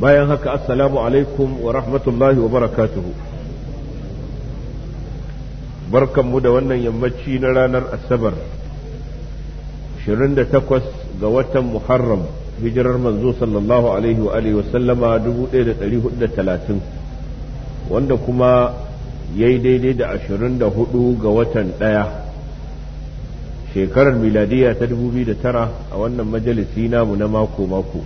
bayan haka assalamu alaikum wa rahmatullahi wa barakatuhu barkanmu da wannan yammaci na ranar asabar 28 ga watan muharram hijirar manzo sallallahu alaihi wa alihi wasallama 1430 wanda kuma ya yi daidai da 24 ga watan ɗaya shekarar miladiya ta 2009 a wannan majalisi namu na mako-mako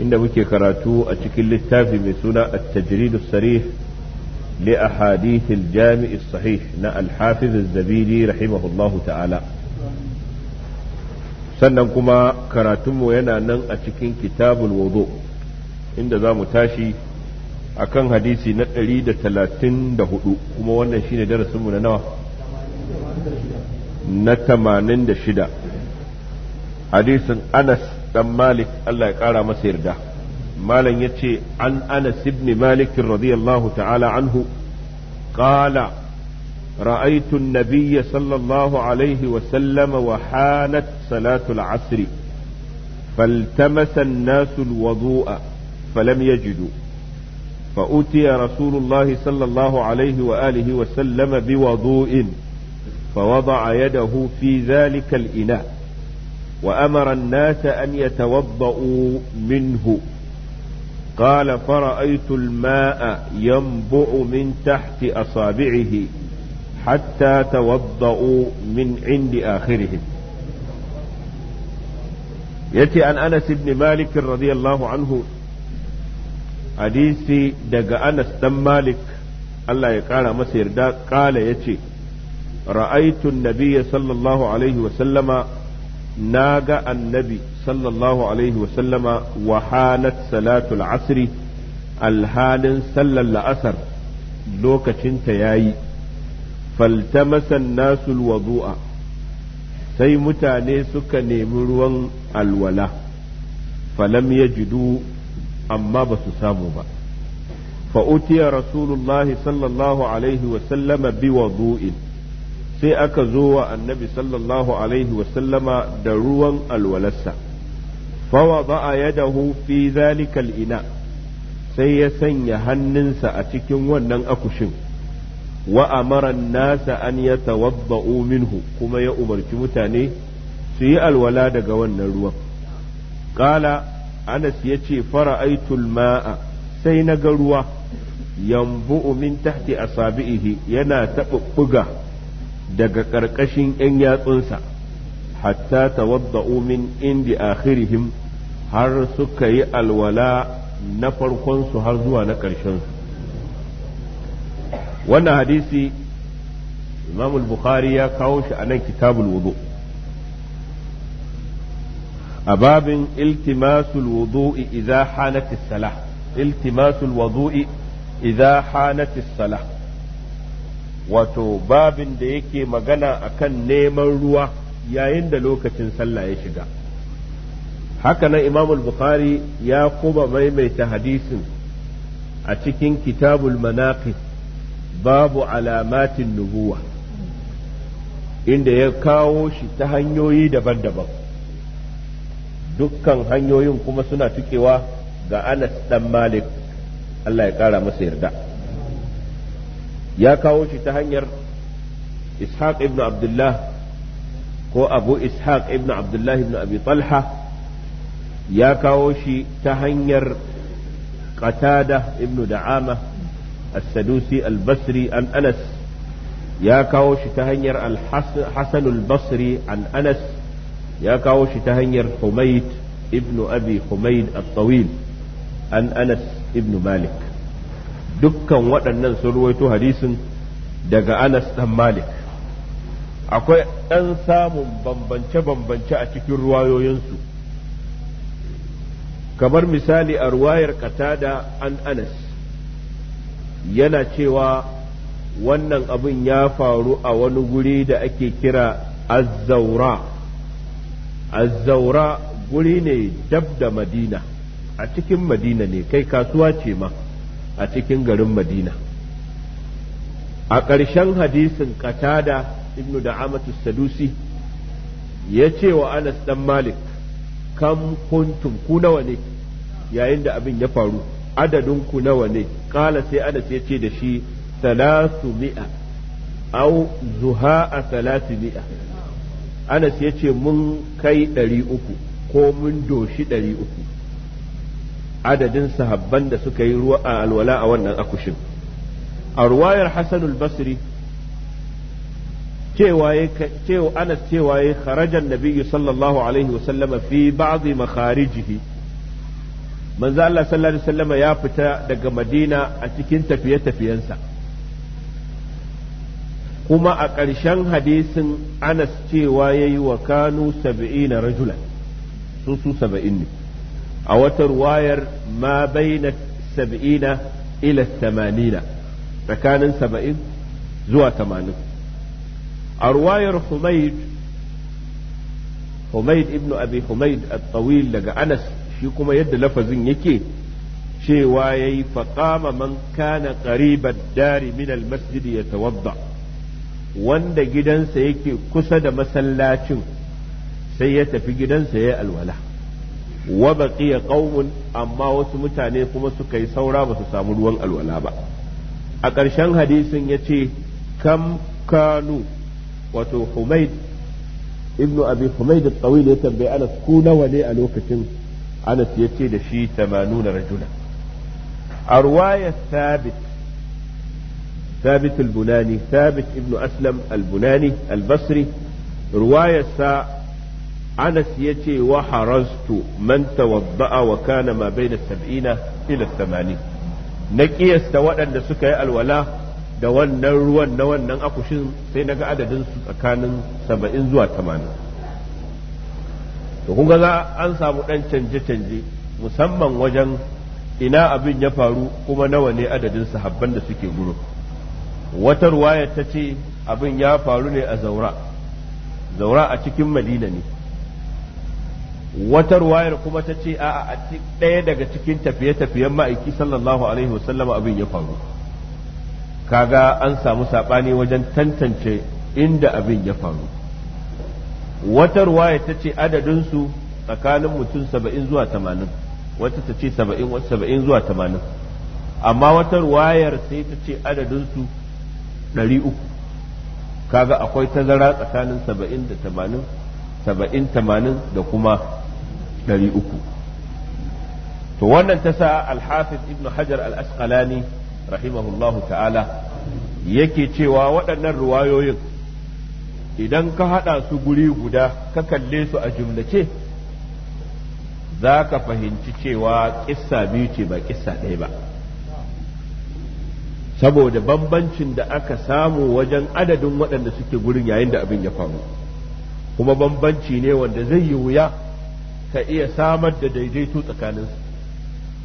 inda muke karatu a cikin littafi mai suna a tajrid sarih li ahadith jami'i sahih na al zabiri rahimahullahu ta'ala sannan kuma karatunmu yana nan a cikin kitabul wudu inda za mu tashi akan hadisi na 134 kuma wannan shine darasinmu na nawa na 86 hadisin Anas dan malik Allah ya kara masa yarda malam yace an anas ibn malik radiyallahu ta'ala anhu qala ra'aytu an-nabiy sallallahu alayhi wa sallam wa hanat salatu al-'asr فالتمس falam الوضوء فلم يجدوا فأتي sallallahu الله wa alihi عليه وآله وسلم بوضوء فوضع يده في ذلك ina. وأمر الناس أن يتوضأوا منه قال فرأيت الماء ينبع من تحت أصابعه حتى توضأوا من عند آخرهم يتي عن أنس بن مالك رضي الله عنه حديثي دق أنس بن مالك الله يقال مسير قال يتي رأيت النبي صلى الله عليه وسلم na ga annabi sallallahu alaihi wasallama wa halat salatul asri alhalin sallar la'asar lokacinta ya yi faltamasan nasul wadu'a sai mutane suka nemi ruwan alwala falam ya amma ba su samu ba fa'utiyar rasulullahi sallallahu alaihi wasallama bi wadu'in sai aka zo wa annabi sallallahu alaihi wasallama da ruwan alwalarsa fawa ba'a yadahu fi zalikal ina sai ya sanya hannunsa a cikin wannan akushin wa amara nasa an ya tawabba'u minhu kuma ya umarci mutane su yi alwala daga wannan ruwan ƙala anas ya ce fara'aitul ma'a sai na ga ruwa yambu'u min tahti asabi'ihi yana taɓuɓɓuga daga ƙarƙashin ‘yan yatsunsa hatta ta min indi akhirihim har suka yi alwala na farkonsu har zuwa na ƙarshensu wannan hadisi imam bukhari ya kawo shi a nan kitabul wudu a babin iltimasul wudu'i idza hanatis salah iltimasul wudu'i idza hanatis salah wato babin da yake magana akan neman ruwa yayin da lokacin sallah ya shiga Haka na imamul bukhari ya kuma maimaita hadisin a cikin kitabul manaqib babu alamatin nubuwa inda ya kawo shi ta hanyoyi daban-daban dukkan hanyoyin kuma suna tukewa ga anas dan malik Allah ya kara masa yarda ya kawo shi ta hanyar ishaq ibn abdullah ko abu ishaq ibn abdullah ibn abi talha ya kawo shi ta hanyar qatada ibn da'ama as-sadusi al-basri an anas ya kawo shi ta hanyar al-hasan al-basri an anas ya kawo shi ta hanyar humayd ibn abi humayd at-tawil an anas ibn malik dukkan waɗannan sun ruwaito hadisin daga Anas dan Malik akwai ɗan samun bambance-bambance a cikin ruwayoyinsu kamar misali a ruwayar katada an Anas yana cewa wannan abin ya faru a wani guri da ake kira azzaura azzaura guri ne dab da madina a cikin madina ne kai kasuwa ce ma a cikin garin madina a ƙarshen hadisin qatada ibnu da'amatu sadusi ya ce wa anas dan malik kam kuntum ku nawa ne yayin da abin ya faru adadin ku nawa ne kala sai anas ya ce da shi salasu mi'a au zuha salasi mi'a anas ya ce mun kai ɗari uku ko mun doshi ɗari uku adadin sahabban da suka yi ruwa a alwala a wannan akushin a ruwayar hasanul basri cewa anas cewa ya kharajan nabiyyu sallallahu alaihi wasallam fi ba'dhi makharijihi manzo Allah sallallahu alaihi wasallam ya fita daga Madina a cikin tafiye-tafiyensa kuma a ƙarshen hadisin anas cewa yayi wa kanu 70 rajulan su su 70 ne a wata ruwayar ma baina sab'ina ila tamanina tsakanin saba'in zuwa tamanin a ruwayar humaid humaid ibn abi humaid at-tawil daga anas shi kuma yadda lafazin yake cewa yayi faqama man kana qariban dari min al-masjid yatawadda wanda gidansa yake kusa da masallacin sai ya tafi gidansa yayi alwala wa baqiya qaumun amma wasu mutane kuma suka yi saura ba su samu ruwan alwala ba a ƙarshen hadisin ya ce kam kanu wato humaid ibnu abi humaid at-tawil ya tambaye anas ku nawa ne a lokacin anas ya ce da shi 80 rajula a ruwaya thabit ثابت البناني Aslam Al-Bunani Al-Basri رواية anas ya ce wa harastu man tawadda'a wa kana ma baina sab'ina ila samani na kiyasta waɗanda suka yi alwala da wannan ruwan na wannan akushin sai na ga adadin su tsakanin saba'in zuwa tamanin to kun ga an samu ɗan canje-canje musamman wajen ina abin ya faru kuma nawa ne adadin sahabban da suke guru wata ruwaya ta ce abin ya faru ne a zaura zaura a cikin madina ne wata ruwayar kuma ta ce a a ɗaya daga cikin tafiye-tafiyen ma'aiki sallallahu alaihi wasallam abin ya faru kaga an samu saɓani wajen tantance inda abin ya faru wata ruwaya ta ce adadinsu tsakanin mutum saba'in zuwa tamanin wata ta ce saba'in zuwa tamanin amma wata ruwayar sai ta ce adadinsu ɗari uku kaga akwai tazara tsakanin saba'in da tamanin saba'in tamanin da kuma ɗari to wannan ta sa alhafiz ibnu hajar al-asqalani rahimahullahu ta'ala yake cewa waɗannan ruwayoyin idan ka haɗa su guri guda ka kalle su a jumlace za ka fahimci cewa ƙissa biyu ce ba ƙissa ɗaya ba saboda bambancin da aka samu wajen adadin waɗanda suke gurin yayin da abin ya faru kuma bambanci ne wanda zai yi wuya ka iya samar da daidaito su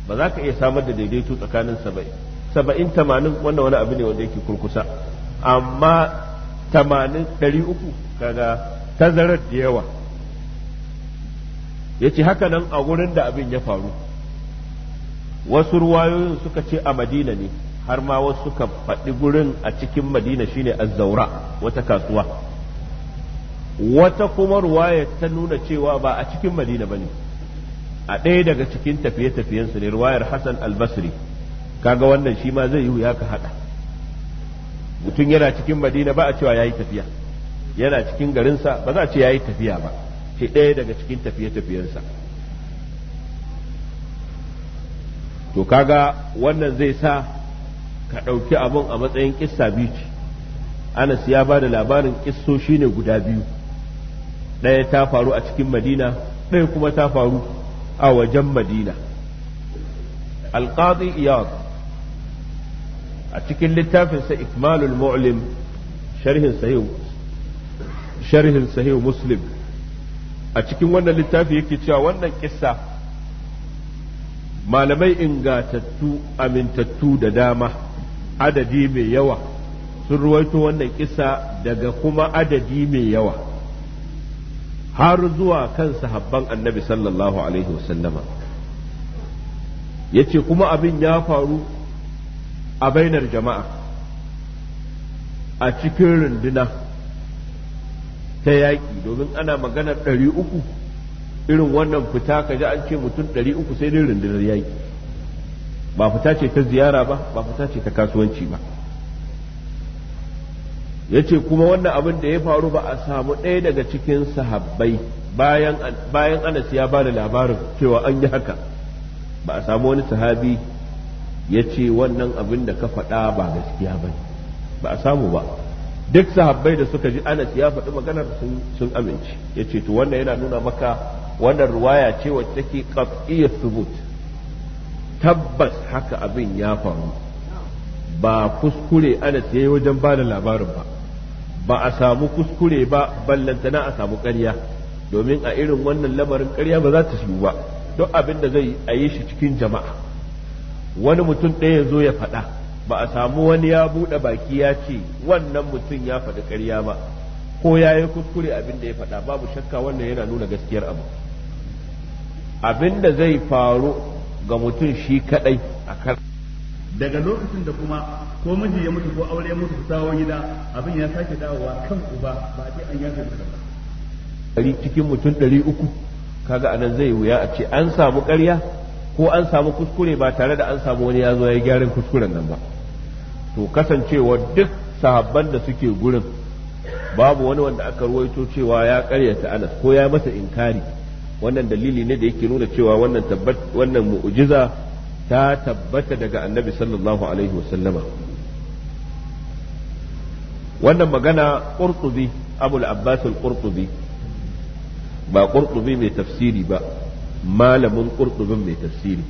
ba za ka iya samar da daidaito tsakanin saba'in saba'in tamanin wannan wani abu ne wanda yake kurkusa amma tamanin ɗari uku kaga tazarar da yawa ya ce haka nan a wurin da abin ya faru wasu ruwayoyin suka ce a madina ne har ma wasu suka faɗi gurin a cikin madina shine azzaura wata kasuwa wata kuma ruwaya ta nuna cewa ba a cikin madina ba ne a ɗaya daga cikin tafiye-tafiyensu ne ruwayar hassan albasri kaga wannan shi ma zai yi ya ka haɗa mutum yana cikin madina ba a cewa ya yi tafiya yana cikin garinsa ba za a ce ya yi tafiya ba ce ɗaya daga cikin tafiye-tafiyensa to kaga wannan zai sa ka ɗauki abin a matsayin ƙissa biyu ce anas ya ba da labarin ƙissoshi ne guda biyu ɗaya ta faru a cikin madina ɗaya kuma ta faru a wajen madina alƙadi iyad a cikin littafinsa ikmalul mu'lim sharhin sahih muslim a cikin wannan littafi yake cewa wannan kissa malamai ingatattu amintattu da dama adadi mai yawa sun ruwaito wannan kisa daga kuma adadi mai yawa har zuwa kan sahabban annabi sallallahu alaihi wasallama ya kuma abin ya faru a bainar jama'a a cikin runduna ta yaƙi domin ana magana ɗari uku irin wannan fita ka ji an ce mutum ɗari uku sai dai rundunar yaƙi ba fita ce ta ziyara ba ba fita ce ta kasuwanci ba yace kuma wannan abin da ya faru ba a samu ɗaya daga cikin sahabbai bayan bayan Anas ya bada labarin cewa an yi haka ba a samu wani sahabi yace wannan abin da ka faɗa ba gaskiya ba ba a samu ba duk sahabbai da suka ji Anas ya faɗi maganar sun amince yace to wannan yana nuna maka wannan ruwaya ce wacce take qat'iyyat thubut tabbas haka abin ya faru ba kuskure Anas yi wajen ba da labarin ba ba a samu kuskure ba ballantana a samu ƙarya domin a irin wannan lamarin ƙarya ba za ta shigo ba duk abin da zai a yi shi cikin jama'a wani mutum ɗaya ya zo ya faɗa ba a samu wani ya buɗe baki ya ce wannan mutum ya faɗi ƙarya ba ko ya yi kuskure abin da ya faɗa babu shakka wannan yana nuna gaskiyar abu abin da zai faru ga mutum shi kaɗai a kan daga lokacin da kuma ko miji ya mutu ko aure ya mutu ku dawo gida abin ya sake dawowa kan uba ba a ce an yafe ba dari cikin mutum ɗari uku kaga anan zai wuya a ce an samu ƙarya ko an samu kuskure ba tare da an samu wani ya zo ya yi gyaran kuskuren nan ba to kasancewa duk sahabban da suke gurin babu wani wanda aka ruwaito cewa ya karyata anas ko ya masa inkari wannan dalili ne da yake nuna cewa wannan tabbat wannan mu'jiza ta tabbata daga annabi sallallahu alaihi wasallama wannan magana qurtubi abul abbas al ba qurtubi mai tafsiri ba malamin qurtubin mai tafsiri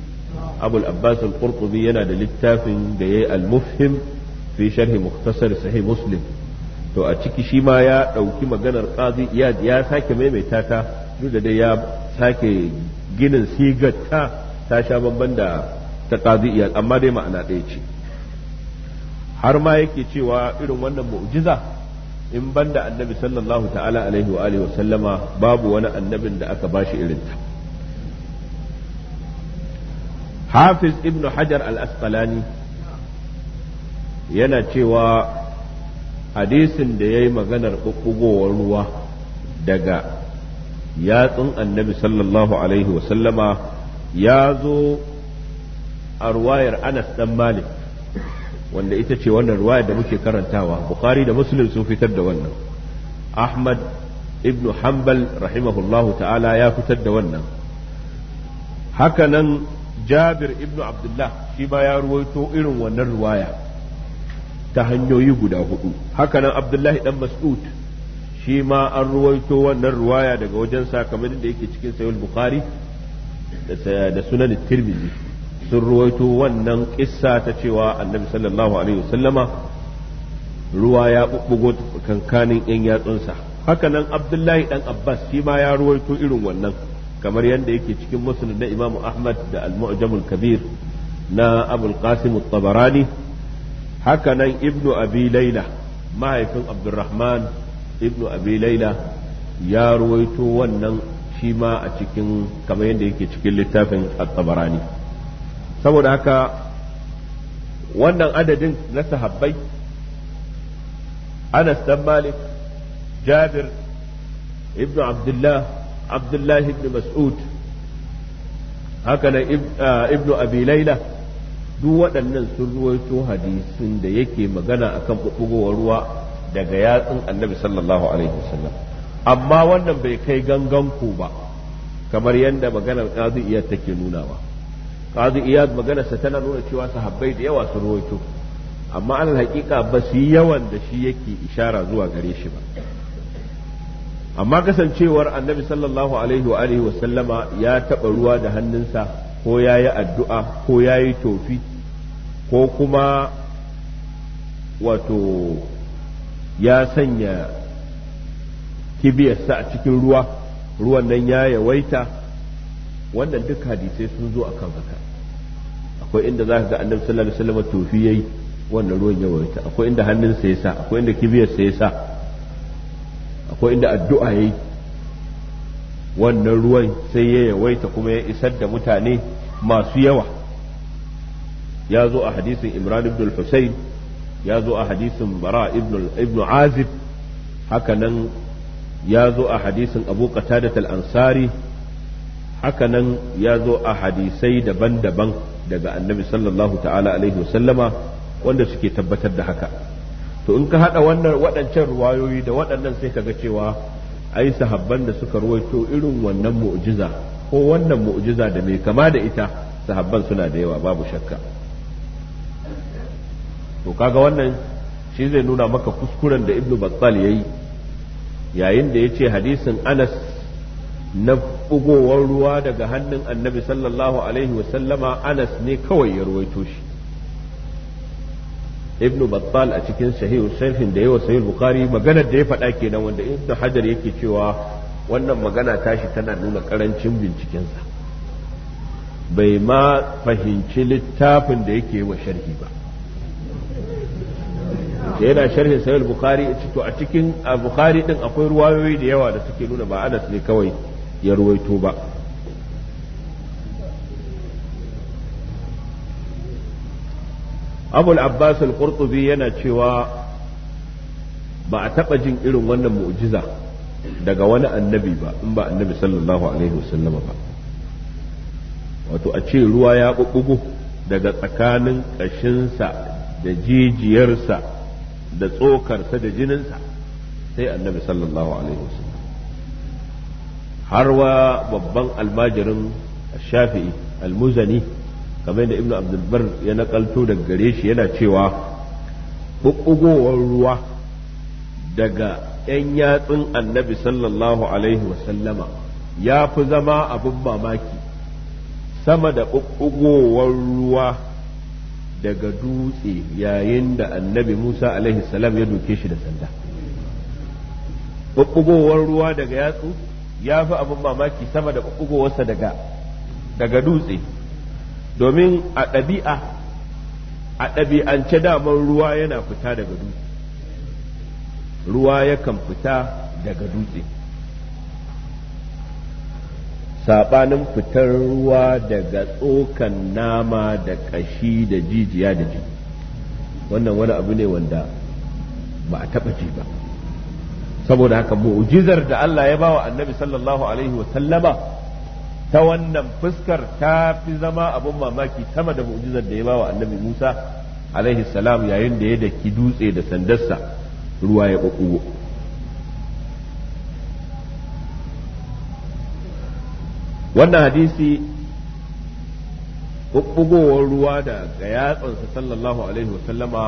abul abbas al yana da littafin da yayi yi mufhim fi sharhi muktasar sahih muslim to a ciki shi ma ya ɗauki maganar qazi ya sake maimaita ta duk da dai ya sake ginin sigar ta ta sha bamban da ta qadi amma dai ma'ana ɗaya ce har ma yake cewa irin wannan mu'jiza in banda annabi sallallahu ta'ala alaihi wa alihi wa sallama babu wani annabin da aka bashi irin ta hafiz ibnu hajar al-asqalani yana cewa hadisin da ya yi maganar ɓuɓɓugowar ruwa daga yatsun annabi sallallahu alaihi wasallama ya zo a ruwayar Anas dan Malik wanda ita ce wannan ruwayar da muke karantawa bukari da Muslim sun fitar da wannan Ahmad ibn Hanbal rahimahullahu ta'ala ya fitar da wannan haka nan Jabir ibn Abdullah shi ba ya ruwaito irin wannan ruwaya ta hanyoyi guda hudu haka nan Abdullahi dan Mas'ud shi ma an ruwaito wannan ruwaya daga wajen kamar da yake cikin sayul bukari da sunan tirmizi sun ruwaito wannan kissa ta cewa annabi sallallahu alaihi wasallama ruwa ya bubbugo kankanin yan yatsunsa hakanan abdullahi dan abbas shi ma ya ruwaito irin wannan kamar yadda yake cikin musnad na imamu ahmad da al-mu'jamul kabir na abul qasim at-tabarani hakanan ibnu abi laila mahaifin abdurrahman ibnu abi laila ya ruwaito wannan shi ma a cikin kamar yadda yake cikin littafin at-tabarani saboda haka wannan adadin na sahabbai Anas dan Malik Jabir ibn Abdullah Abdullah ibn Mas'ud haka ah, ibn Abi Laila duk waɗannan sun ruwaito hadisin da yake magana akan bubugowar ruwa daga yatsun Annabi sallallahu alaihi wasallam amma wannan bai kai gangan ku ba kamar yadda maganar Qadi Iyad take nunawa kazu iyad maganarsa tana nuna cewa sahabbai da yawa su rawaito amma al hakika ba su yi yawan da shi yake ishara zuwa gare shi ba amma kasancewar annabi sallallahu alaihi wa alihi wa sallama ya taɓa ruwa da hannunsa ko yayi addu'a ko yayi tofi ko kuma wato ya sanya kibiyarsa a cikin ruwa ruwan nan ya yawaita wannan duk hadisai sun zo kan haka akwai inda za ka ga annabi sallallahu alaihi wasallam tofi yayi wannan ruwan ya wayata akwai inda hannunsa ya sa akwai inda kibiyarsa ya sa akwai inda addu'a yayi wannan ruwan sai ya yawaita kuma ya isar da mutane masu yawa ya zo a hadisin imran ibn al-husayn ya zo a hadisin bara ibn azib haka nan ya zo a hadisin abu qatadat al-ansari Haka nan ya zo a hadisai daban-daban daga annabi sallallahu ta'ala alaihi wasallama wanda suke tabbatar da haka to in ka hada wannan waɗancan ruwayoyi da waɗannan sai ka ga cewa ai sahabban da suka ruwaito irin wannan mu'jiza ko wannan mu'jiza da mai kama da ita sahabban suna da yawa babu shakka to kaga wannan shi zai nuna maka kuskuren da ibnu battal yayi yayin da yace hadisin Anas na bugowar ruwa daga hannun annabi sallallahu alaihi wasallama anas ne kawai ya ruwaito shi ibnu battal a cikin sahihu sharhin da yawa sahih bukhari maganar da ya faɗa kenan wanda ibnu hajar yake cewa wannan magana tashi tana nuna karancin bincikensa bai ma fahimci littafin da yake wa sharhi ba yana sharhin sahih bukhari a cikin bukhari din akwai ruwayoyi da yawa da suke nuna ba anas ne kawai ya ruwaito ba abul abbas al-qurtubi yana cewa ba a taɓa jin irin wannan mu'jiza daga wani annabi ba in ba annabi sallallahu alaihi wasallama ba wato a ce ruwa ya ɓuɓɓugo daga tsakanin ƙashinsa da jijiyarsa da tsokarsa da jininsa sai annabi sallallahu alaihi wasallam har wa babban almajirin shafi'i almuzani kamar da ibnu abdulbar ya nakalto daga gare shi yana cewa ɓuɓɓugowar ruwa daga 'yan yatsun annabi sallallahu alaihi wasallama ya fi zama abin mamaki sama da ɓuɓɓugowar ruwa daga dutse yayin da annabi musa alaihi salam ya duke shi da sanda ɓuɓɓugowar ruwa daga yatsu ya fi abin mamaki sama da ɓugowarsa daga daga dutse domin a ɗabi'a a ɗabi'ance damar ruwa yana fita daga dutse ruwa yakan fita daga dutse saɓanin fitar ruwa daga tsokan nama da ƙashi da jijiya da ji. wannan wani abu ne wanda ba a taɓa ji ba saboda haka mu'jizar da Allah ya bawa annabi sallallahu alaihi wa sallama ta wannan fuskar ta fi zama abin mamaki sama da mu'jizar da ya bawa annabi Musa alaihi salam yayin da ya daki dutse da sandarsa ruwa ya kokugo wannan hadisi kubbugowar ruwa da ga yatsansa sallallahu alaihi wa sallama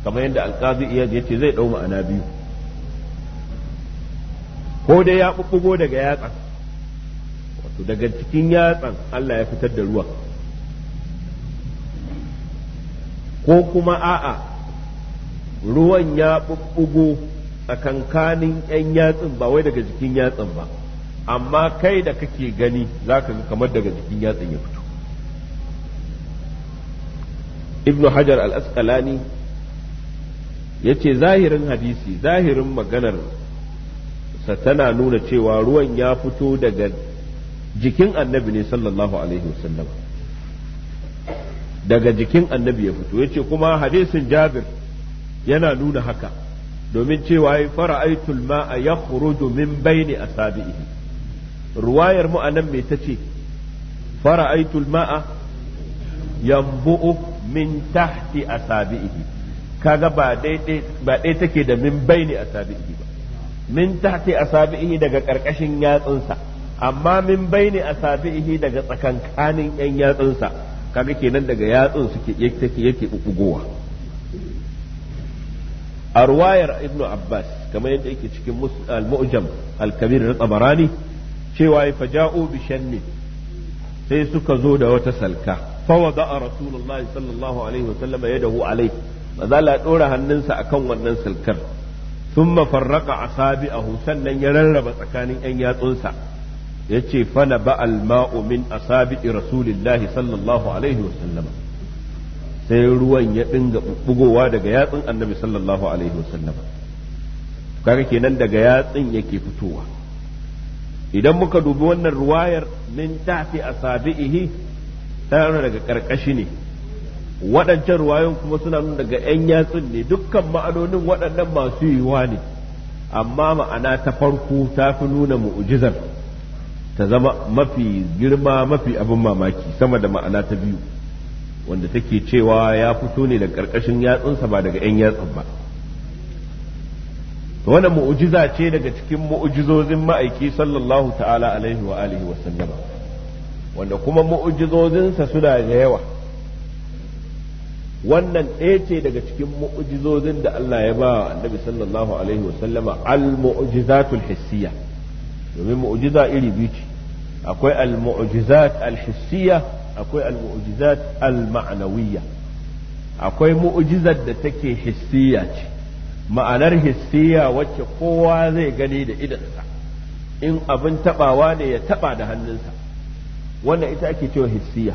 kamar yadda alqazi iyad yace zai dau ma'ana biyu ko dai ya bubbugo daga yatsan wato daga cikin yatsan Allah ya fitar da ruwa ko kuma a'a ruwan ya bubbugo tsakankanin 'yan yatsin ba wai daga jikin yatsin ba amma kai da kake gani za ka ga kamar daga jikin yatsin ya fito ibn hajar al-asqalani ya ce zahirin hadisi zahirin maganar tana nuna cewa ruwan ya fito daga jikin annabi ne sallallahu alaihi wasallam daga jikin annabi ya fito yace kuma hadisin jabir yana nuna haka domin cewa ya fara'aitul ma'a ya khuruju min baini asabihi ruwayar mu anan me tace fara'aitul ma'a yanbu'u min tahti asabihi kaga ba daidai ba take da min baini asabihi ba min tahti asabihi daga karkashin yatsunsa amma min baini asabihi daga tsakankanin yan yatsunsa kaga kenan daga yatsun suke yake yake bubugowa a ruwayar ibnu abbas kamar yadda yake cikin al-mu'jam al-kabir na tabarani cewa fa faja'u bi shanni sai suka zo da wata salka fa wada rasulullahi sallallahu alaihi wa sallama yadahu alaihi maza la dora hannunsa akan wannan salkar Tun mafarraka a sabi a sannan ya rarraba tsakanin ‘yan yatsunsa ya ce fana ba'al ma'u min a sabi rasulillahi sallallahu alaihi wasallama sai ruwan ya dinga bugowa daga yatsun annabi sallallahu alaihi wasallama kaga kenan daga yatsun yake fitowa idan muka dubi wannan ruwayar min tafi asabi'ihi ta daga ƙarƙashi ne waɗancan ruwayoyin kuma suna nuna daga 'yan yatsun ne dukkan ma'anonin waɗannan masu yiwuwa ne amma ma'ana ta farko ta fi nuna mu'ujizar ta zama mafi girma mafi abin mamaki sama da ma'ana ta biyu wanda take cewa ya fito ne daga ƙarƙashin yatsunsa ba daga 'yan yatsun ba wannan mu'ujiza ce daga cikin mu'ujizozin ma'aiki sallallahu ta'ala alaihi wa alihi wa sallama wanda kuma mu'ujizozinsa suna da yawa wannan ɗaya ce daga cikin mu'ujizozin da Allah ya ba annabi sallallahu alaihi wa sallama al-mu'jizatul hissiya domin mu'ujiza iri biyu ce akwai al-mu'jizat al-hissiya akwai al-mu'jizat al-ma'nawiyya akwai mu'jizar da take hissiya ce ma'anar hissiya wacce kowa zai gani da idansa in abin tabawa ne ya taba da hannunsa wannan ita ake cewa hissiya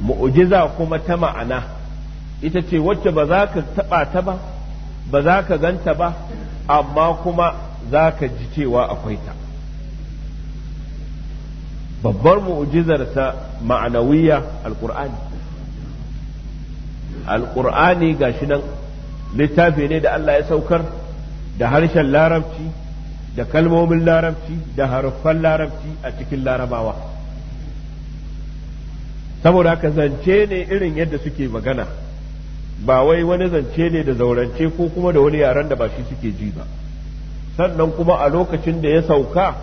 mu'jiza kuma ta ma'ana ita ce wacce ba za ka taɓa ta ba ba za ka ganta ba amma kuma za ka ji cewa akwai ta babbar mu'jizarsa ma'anawiyya alkur'ani ga gashi nan littafi ne da Allah ya saukar da harshen larabci da kalmomin larabci da haruffan larabci a cikin larabawa saboda haka zance ne irin yadda suke magana ba wai wani zance ne da zaurance ko kuma da wani yaren da ba shi suke ji ba sannan kuma a lokacin da ya sauka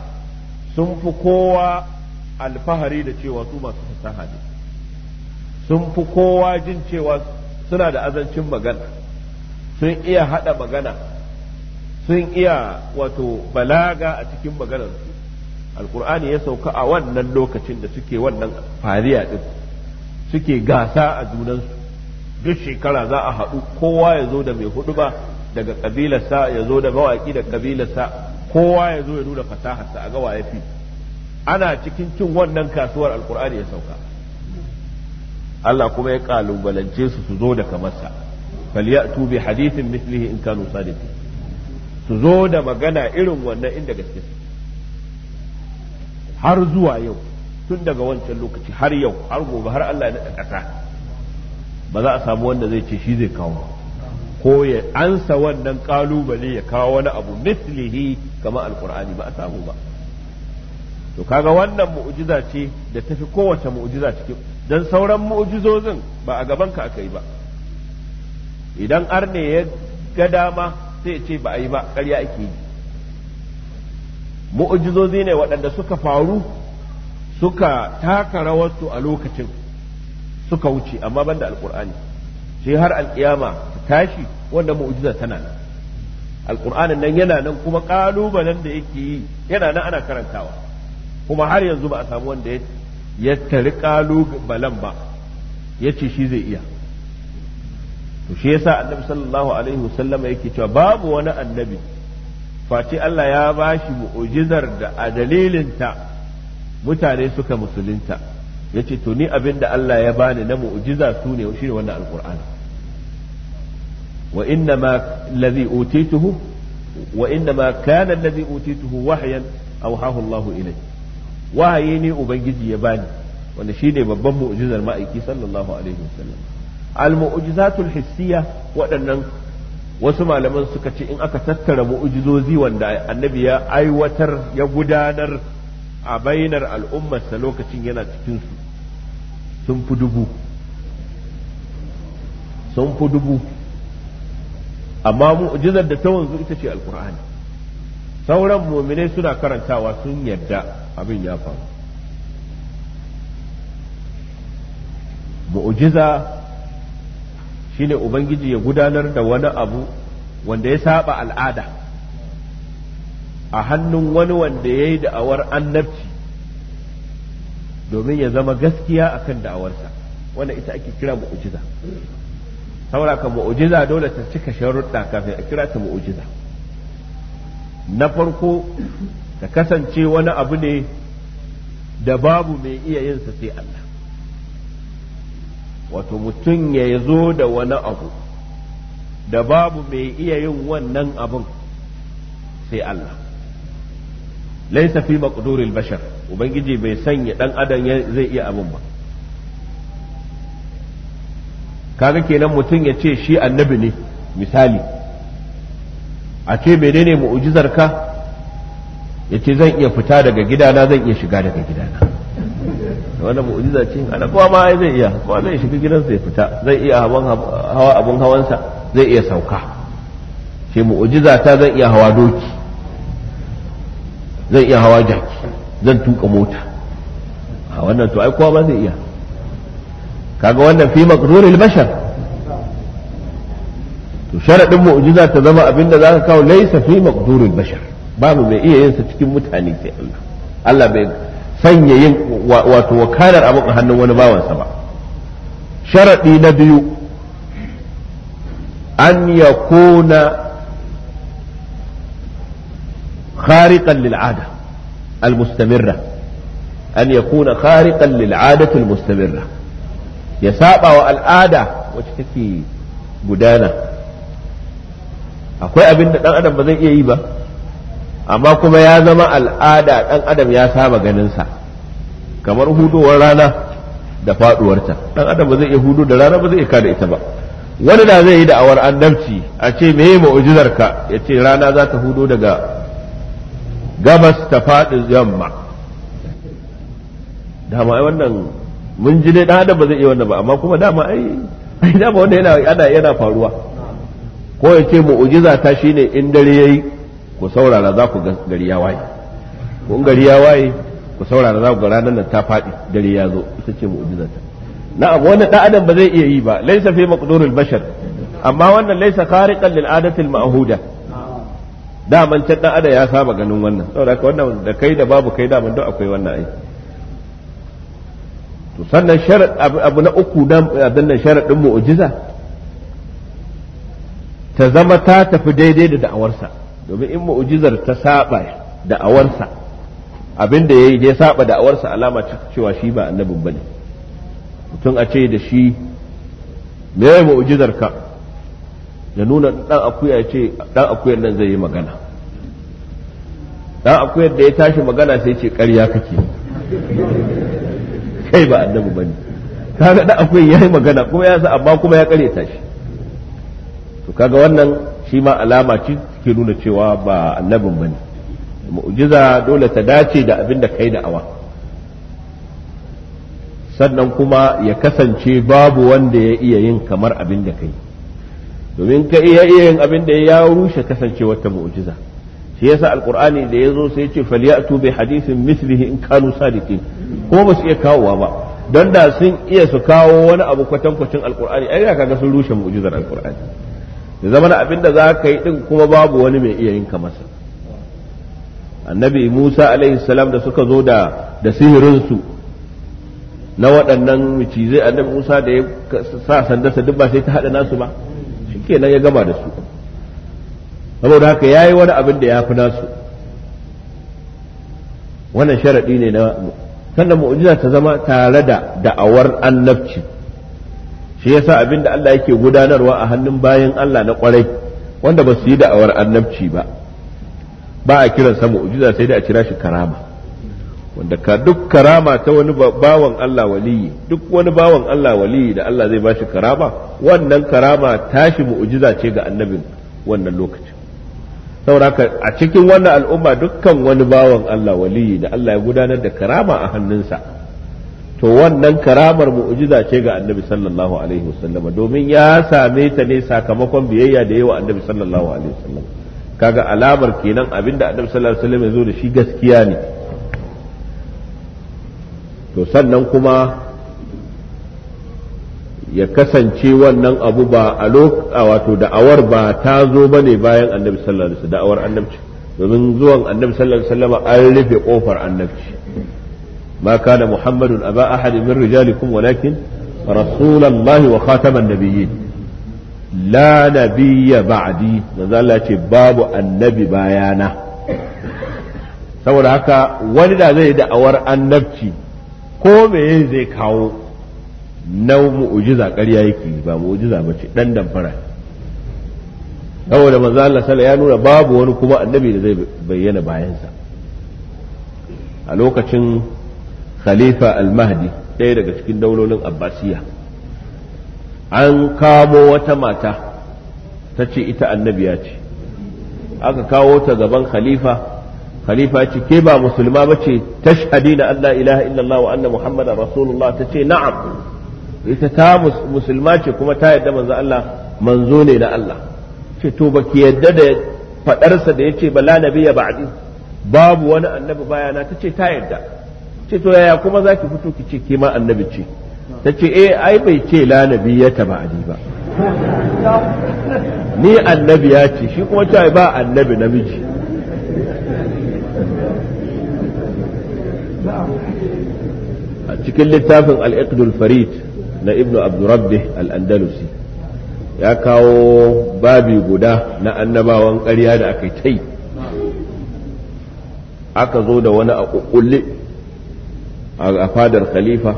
sun fi kowa alfahari da cewa su masu fasaha ne sun fi kowa jin cewa suna da azancin magana sun iya haɗa magana sun iya wato balaga a cikin maganarsu alkur'ani ya sauka a wannan lokacin da suke wannan fariya ɗin suke gasa a junansu duk shekara za a haɗu kowa ya zo da mai hudu ba daga kabilarsa ya zo da mawaƙi da kabilarsa kowa ya zo ya nuna fasaharsa a gawa ya fi ana cikin cin wannan kasuwar alkur'ani ya sauka Allah kuma ya kalubalance su su zo da kamarsa ya'tu bi hadithin mithlihi in kanu sadiqin su zo da magana irin wannan inda gaske har zuwa yau tun daga wancan lokaci har yau har gobe har Allah ya naɗa ba za a samu wanda zai ce shi zai kawo ko ya ansa wannan kalubale ya kawo wani abu mislihi kama alkur'ani ba a samu ba to kaga wannan mu'jiza ce da tafi kowace mu'jiza cikin dan sauran mu'jizozin ba a gaban ka aka yi ba idan arne ya ga dama sai ce ba a yi ba ƙarya ake yi mu'jizozi ne waɗanda suka faru suka taka rawarsu a lokacin suka wuce amma banda alqur'ani sai har alkiyama tashi wanda mu'jiza tana nan alqur'anin nan yana nan kuma kalubalen da yake yi yana nan ana karantawa kuma har yanzu ba a samu wanda ya tari kalubalen ba ya ce shi zai iya to shi yasa annabi sallallahu alaihi wasallama yake cewa babu wani annabi face Allah ya bashi mu'jizar da a dalilinta mutane suka musulunta yace to ni abin da Allah ya bani na mu'jiza su ne shi ne wannan alqur'ani wa inna ma allazi utituhu wa inna ma kana allazi utituhu wahyan awhahu Allah ilai wahayi ne ubangiji ya bani wanda shi ne babban mu'jizar ma'aiki sallallahu alaihi wasallam al-mu'jizatul hissiyya waɗannan wasu malaman suka ce in aka tattara mu'jizozi wanda annabi ya aiwatar ya gudanar a bainar al'ummarsa lokacin yana cikinsu sun fi dubu sun fi dubu amma mu'jizar da ta wanzu ita ce alkur'ani sauran muminai suna karantawa sun yadda abin ya faru mu'jiza shine ubangiji ya gudanar da wani abu wanda ya saba al'ada a hannun wani wanda ya yi da'awar annabci domin ya zama gaskiya akan da'awarsa wanda ita ake kira mu'ujiza saura ka mu'ujiza dole ta cika sharuɗa kafin a kira ta mu'ujiza na farko ta kasance wani abu ne da babu mai iya yin sai Allah wato mutum ya zo da wani abu da babu mai iya yin wannan abun sai Allah laisa fi maqduril bashar ubangiji bai sanya dan adam zai iya abin ba kaga kenan mutum ya ce shi annabi ne misali a ce menene mu'ujizar ka ya ce zan iya fita daga gidana zan iya shiga daga gidana wanda mu'jiza ce ana kowa ma zai iya kowa zai shiga gidansa ya fita zai iya hawa abun hawansa zai iya sauka ce mu'jiza ta zan iya hawa doki zan iya hawa jaki zan tuka mota a wannan to ai kowa ba zai iya kaga wannan fi maqduril bashar to sharadin mu'jiza ta zama abinda zaka kawo laysa fi maqduril bashar babu mai iya yin cikin mutane sai Allah Allah bai sanya yin wato wakalar abin hannun wani bawansa ba Sharaɗi na biyu an yakuna khariqan lil ada al mustamirra an yakuna khariqan lil adati al ya saba wa al'ada wacce gudana akwai abin da dan adam ba zai iya yi ba amma kuma ya zama al'ada dan adam ya saba ganinsa kamar hudowar rana da faduwarta dan adam ba zai iya hudu da rana ba zai iya kada ita ba wani da zai yi da awar annabci a ce meye mu'jizarka ya ce rana za ta hudo daga gabas ta faɗi yamma dama ai wannan mun ji dai da ba zai iya wannan ba amma kuma dama ai ai dama wanda yana yana yana faruwa ko ya ce mu'ujiza ta shine in dare yayi ku saurara za ku gari ya waye kun gari ya waye ku saurara za ku ga ranar nan ta faɗi dare ya zo ita ce mu'ujiza ta na abu wanda adam ba zai iya yi ba laysa fi maqdurul bashar amma wannan laysa khariqan lil al ma'huda daman can dan ada ya saba ganin wannan saboda ka wannan da kai da babu kai daman duk akwai wannan ai to sannan sharad abu na uku dan abin nan sharadin mu'jiza ta zama ta tafi daidai da da'awarsa domin in mu'jizar ta saba da'awarsa abin da yayi ya saba da'awarsa alama cewa shi ba annabin bane mutum a ce da shi me mu'jizar ka Da nuna dan akuya ce dan akuyar nan zai yi magana dan akuyar da ya tashi magana sai ce ƙarya kake kai ba annabi bane kaga dan akuyar yayi magana kuma ya sa amma kuma ya ƙare tashi to kaga wannan shi ma alama ce ke nuna cewa ba annabin bane mu'jiza dole ta dace da abin da kai da'awa sannan kuma ya kasance babu wanda ya iya yin kamar abin da kai domin ka iya iya yin abin da ya rushe kasance wata mu'jiza shi yasa alqur'ani da ya yazo sai ce falyatu bi hadithin mislihi in kanu sadiqin ko ba su iya kawowa ba don da sun iya su kawo wani abu kwatankwacin alqur'ani ai da kaga sun rushe mu'jizar alqur'ani da zaman abin da za ka yi din kuma babu wani mai iya yin kamar sa annabi Musa alaihi salam da suka zo da da sihirin na waɗannan mucizai annabi Musa da ya sa sandarsa duk ba sai ta haɗa nasu ba shikenan ya gama da su saboda haka ya yi wani abin da ya fi nasu wannan sharaɗi ne na sannan mu'ujiza ta zama tare da da'awar annabci shi yasa abin da Allah yake gudanarwa a hannun bayan Allah na kwarai wanda ba su yi da'awar annabci ba ba a kiransa mu'ujiza sai dai a kira shi karama wanda ka duk karama ta wani bawan Allah waliyi duk wani bawan Allah waliyi da Allah zai bashi karama wannan karama tashi mu'jiza ce ga annabin wannan lokacin sauraka a cikin wannan al'umma dukkan wani bawan Allah waliyi da Allah ya gudanar da karama a hannunsa to wannan karamar mu'jiza ce ga annabi sallallahu alaihi wasallam domin ya same ta ne sakamakon biyayya da yawa annabi sallallahu alaihi wasallam kaga alamar kenan abinda annabi sallallahu alaihi wasallam ya zo da shi gaskiya ne to sannan kuma ya kasance wannan abu ba a wato da'awar ba ta zo ba ne bayan annabi sallallahu alaihi wasallam da'awar annabci domin zuwan annabi sallallahu alaihi wasallam an rufe kofar annabci ma kana muhammadun aba ahad min rijalikum walakin rasulullahi wa khataman nabiyyin la nabiyya ba'di manzo Allah ce babu annabi bayana saboda haka wani da zai da'awar annabci ko meye zai kawo na mu'ujiza ƙarya yake ba mu'ujiza ba ce ɗan damfara saboda manzo Allah ya nuna babu wani kuma annabi da zai bayyana bayansa a lokacin khalifa al-mahdi ɗaya daga cikin daulolin abbasiya an kamo wata mata ta ce ita annabiya ce aka kawo ta gaban khalifa khalifa ce ke ba musulma ba ce tashhadina an la ilaha illallah wa anna muhammadar rasulullah ta ce na'am ita ta musulma ce kuma ta yadda manzo Allah manzo ne na Allah ce to baki yadda da fadarsa da yace bala nabiyya ba'di babu wani annabi bayana ta ce ta yadda ce yaya kuma zaki fito ki ce ke annabi ce ta ce eh, ai bai ce la nabiyyata ba'di ba ni annabi ya ce shi kuma ta ba annabi namiji cikin littafin al-iqdul farid na ibnu abdurrabbih al-andalusi ya kawo babi guda na annabawan ƙarya da aka yi aka zo da wani a ƙuƙulle a fadar khalifa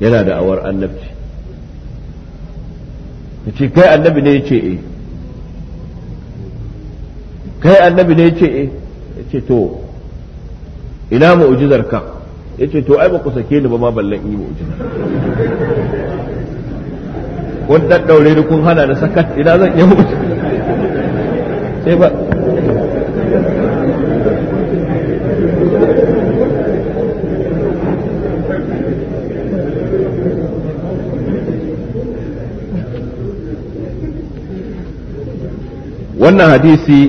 yana da awar annabci ya ce kai annabi ne ce e kai annabi ne ya ce e ya ce to ina mu'ujizar ka ya ce to ai ba ku sake ni ba ma ballan yi mu. kun daddaure ni kun hana na sakat ina zan yi mutu. sai ba wannan hadisi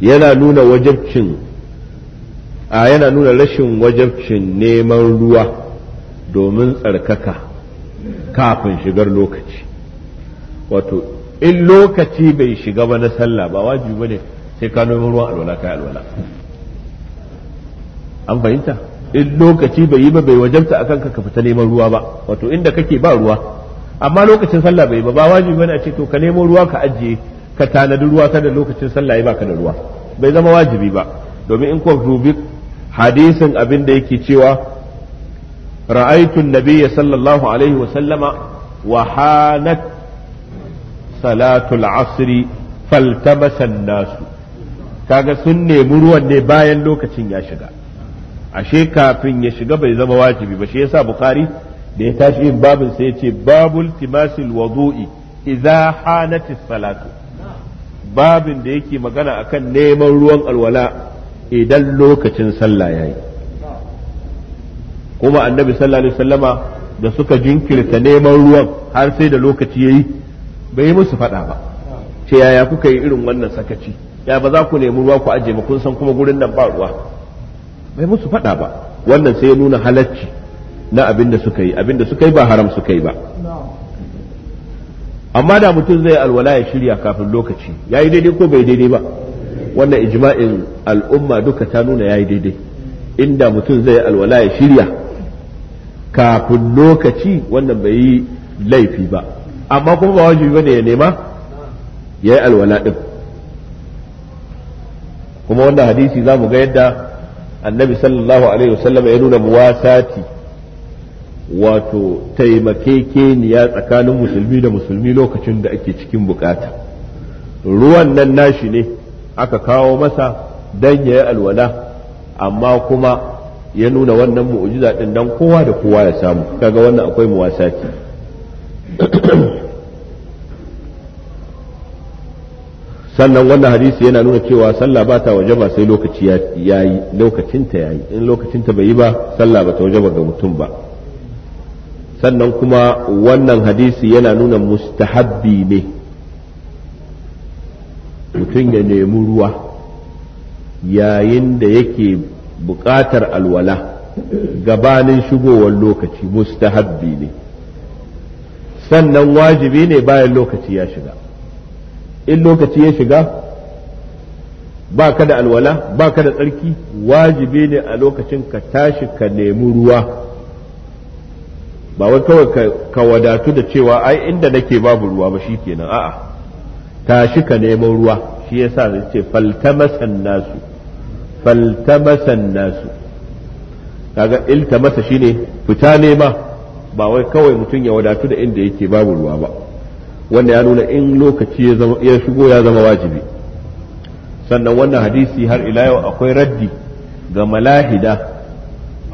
yana nuna wajabcin a yana nuna rashin wajabcin neman ruwa domin tsarkaka kafin shigar lokaci wato in lokaci bai shiga ba na sallah ba wajibi ba ne sai ka nemi ruwan alwala kai alwala an fahimta in lokaci bai yi ba bai wajabta akan ka ka fita neman ruwa ba wato inda kake ba ruwa amma lokacin sallah bai ba ba wajibi bane a ce to ka nemo ruwa ka ajiye ka tanadi ruwa kada lokacin sallah ya baka da ruwa bai zama wajibi ba domin in ko rubik hadisin abin da yake cewa ra'aitun nabiyya sallallahu alaihi wasallama wa hanat salatul asri faltabasan nasu kaga sun nemi ruwan ne bayan lokacin ya shiga ashe kafin ya shiga bai zama wajibi ba shi yasa bukhari da ya tashi yin babin sai ya ce babul timasil wudu'i idza hanatis salatu babin da yake magana akan neman ruwan alwala idan lokacin sallah ya yi kuma annabi sallallahu alaihi wasallama da suka jinkirta neman ruwan har sai da lokaci yayi bai musu fada ba ce yaya kuka yi irin wannan sakaci ya ba za ku nemi ruwa ku aje kun san kuma gurin nan ba ruwa bai musu fada ba wannan sai ya nuna halacci na abin da suka yi abin da suka yi ba haram suka yi ba amma da mutum zai alwala ya shirya kafin lokaci ya yi daidai ko bai daidai ba wannan ijma'in al'umma duka ta nuna yayi daidai inda mutum zai alwala ya shirya kafin lokaci wannan bai yi laifi ba amma kuma ba wajibi ba ne ya nema ya yi alwala ɗin. kuma wannan hadisi za mu ga yadda annabi sallallahu alaihi wasallam ya nuna muwasati wato taimakekeniya tsakanin musulmi da musulmi lokacin da ake cikin bukata ruwan nan nashi ne aka kawo masa dan ya yi alwala amma kuma ya nuna wannan mu'ujiza din dan kowa da kowa ya samu kaga wannan akwai muwasati sannan wannan hadisi yana nuna cewa sallah ba ta wajaba sai lokaci ya yi lokacinta ya yi in lokacinta bai yi ba sallah ba ta wajaba ga mutum ba sannan kuma wannan hadisi yana nuna mustahabbi ne mutum ya nemi ruwa yayin da yake buƙatar alwala gabanin shigowar lokaci mustahabbi ne sannan wajibi ne bayan lokaci ya shiga in lokaci ya shiga ba ka da alwala ba ka da tsarki wajibi ne a lokacin ka tashi ka nemi ruwa ba wai kawai ka wadatu da cewa ai inda nake babu ruwa ba shi kenan a'a tashi ka neman ruwa shi ya sa zai ce faltamasan nasu faltamasan nasu kaga iltamasa shine fita nema ba wai kawai mutum ya wadatu da inda yake babu ruwa ba wanda ya nuna in lokaci ya shigo ya zama wajibi sannan wannan hadisi har ila yau akwai raddi ga malahida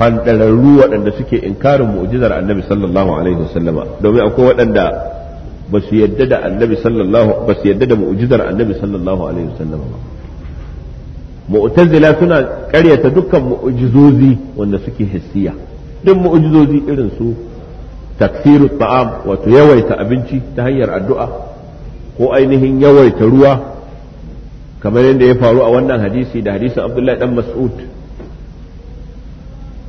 fandararru waɗanda suke inkarin mu'jizar annabi sallallahu alaihi wasallama domin akwai waɗanda ba su yadda da annabi sallallahu ba su yadda da mu'jizar annabi sallallahu alaihi wasallam ba mu'tazila suna ƙaryata dukkan mu'jizozi wanda suke hissiya duk mu'jizozi irin su takfiru ta'am wato yawaita abinci ta hanyar addu'a ko ainihin yawaita ruwa kamar yadda ya faru a wannan hadisi da hadisin Abdullahi dan Mas'ud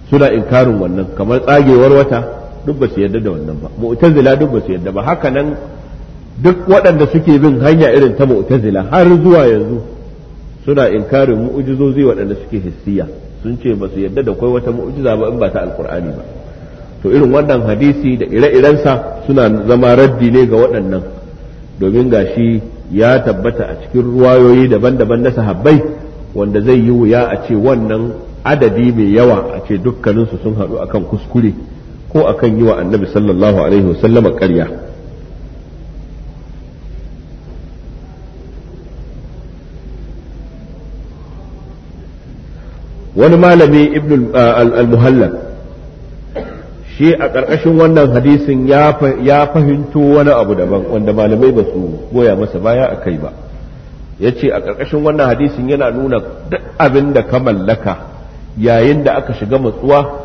suna inkarin wannan kamar tsagewar wata duk ba su yarda da wannan ba mu'tazila duk ba su yarda ba haka nan duk waɗanda suke bin hanya irin ta mu'tazila har zuwa yanzu suna inkarin mu'ujizozi waɗanda suke hissiya sun ce ba su yarda da kai wata mu'ujiza ba in ba ta alkur'ani ba to irin wannan hadisi da ire iren sa suna zama raddi ne ga waɗannan domin gashi ya tabbata a cikin ruwayoyi daban-daban na sahabbai wanda zai yi wuya a ce wannan adadi mai yawa a ce dukkaninsu sun haɗu akan kuskure ko akan yi wa annabi sallallahu alaihi wasallama ƙarya wani malami ibn al-muhallab shi a ƙarƙashin wannan hadisin ya fahimto wani abu daban wanda malamai ba su goya masa baya a kai ba ya ce a ƙarƙashin wannan hadisin yana nuna duk abin da ka mallaka yayin da aka shiga matsuwa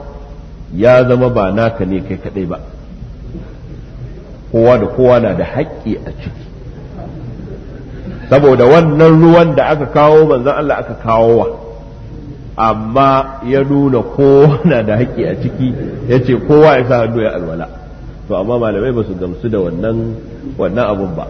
ya zama ba naka ne kai kadai ba kowa da kowa na da haƙƙi a ciki saboda wannan ruwan da aka kawo manzan Allah aka kawo wa amma ya nuna kowa na da haƙƙi a ciki ya ce kowa ya sa hannu ya alwala to amma malamai ba su gamsu da wannan abun ba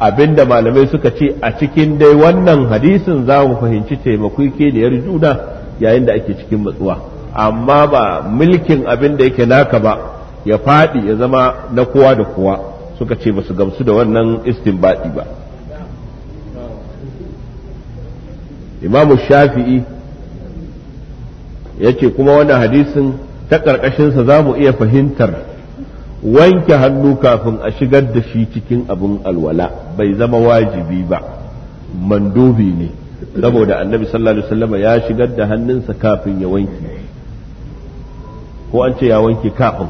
abinda malamai suka ce a cikin dai wannan hadisin za mu fahimci taimakon ke da yar juna yayin da ake cikin matsuwa amma ba mulkin abin da yake naka ba ya faɗi ya zama na kowa da kowa suka ce ba su gamsu da wannan istinbadi ba imamu shafi'i ya ce kuma wannan hadisin ta ƙarƙashinsa za mu iya fahimtar wanke hannu kafin a shigar da shi cikin abin alwala bai zama wajibi ba mandubi ne saboda annabi sallallahu alaihi wasallam ya shigar da hannunsa kafin ya wanke ko an ce ya wanke kafin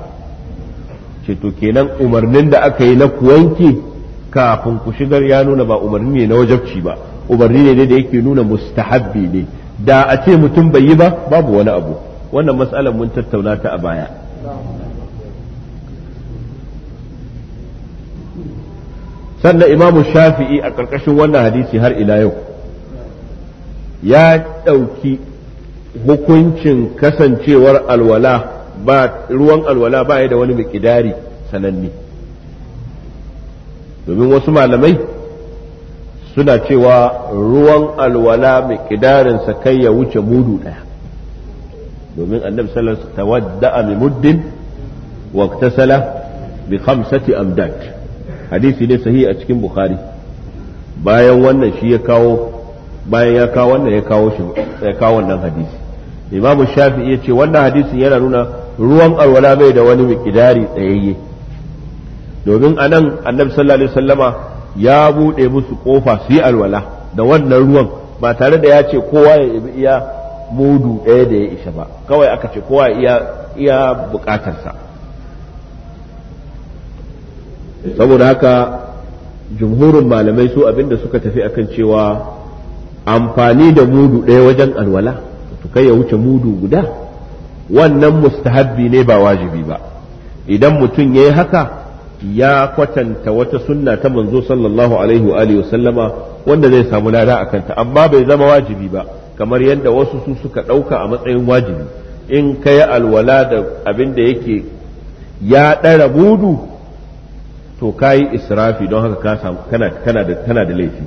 ce to kenan umarnin da aka yi na ku wanke kafin ku shigar ya nuna ba umarni ne na wajabci ba umarni ne da yake nuna mustahabbi ne da a ce mutum bai yi ba babu wani abu wannan matsalar mun tattauna ta a baya sannan imamu shafi'i a ƙarƙashin wannan hadisi har ila yau ya ɗauki hukuncin kasancewar alwala ba ruwan alwala ba ya da wani mikidari sananne domin wasu malamai suna cewa ruwan alwala mikidarinsa kai ya wuce mudu ɗaya domin annabi sallallahu alaihi wasallam tawadda'a bi muddin wa iktasala bi khamsati amdad hadisi ne sahihi a cikin bukhari bayan wannan shi ya kawo bayan ya kawo wannan ya kawo shi ya kawo wannan hadisi imamu shafi'i ya ce wannan hadisi yana nuna ruwan alwala bai da wani mikidari tsayayye domin a nan annabi sallallahu alaihi wasallama ya buɗe musu ƙofa su yi alwala da wannan ruwan ba tare da ya ce kowa ya ibi iya mudu ɗaya da ya isa ba kawai aka ce kowa ya iya buƙatarsa saboda haka jumhurin malamai su abinda suka tafi akan cewa amfani da mudu ɗaya wajen alwala to kai ya wuce mudu guda wannan mustahabbi ne ba wajibi ba idan mutum ya yi haka ya kwatanta wata sunna ta manzo sallallahu alaihi wa alihi sallama wanda zai samu lada a kanta amma bai zama wajibi ba kamar yadda wasu su suka ɗauka a matsayin wajibi in ka yi alwala da abin da yake ya ɗara budu to ka yi israfi don haka kana da laifi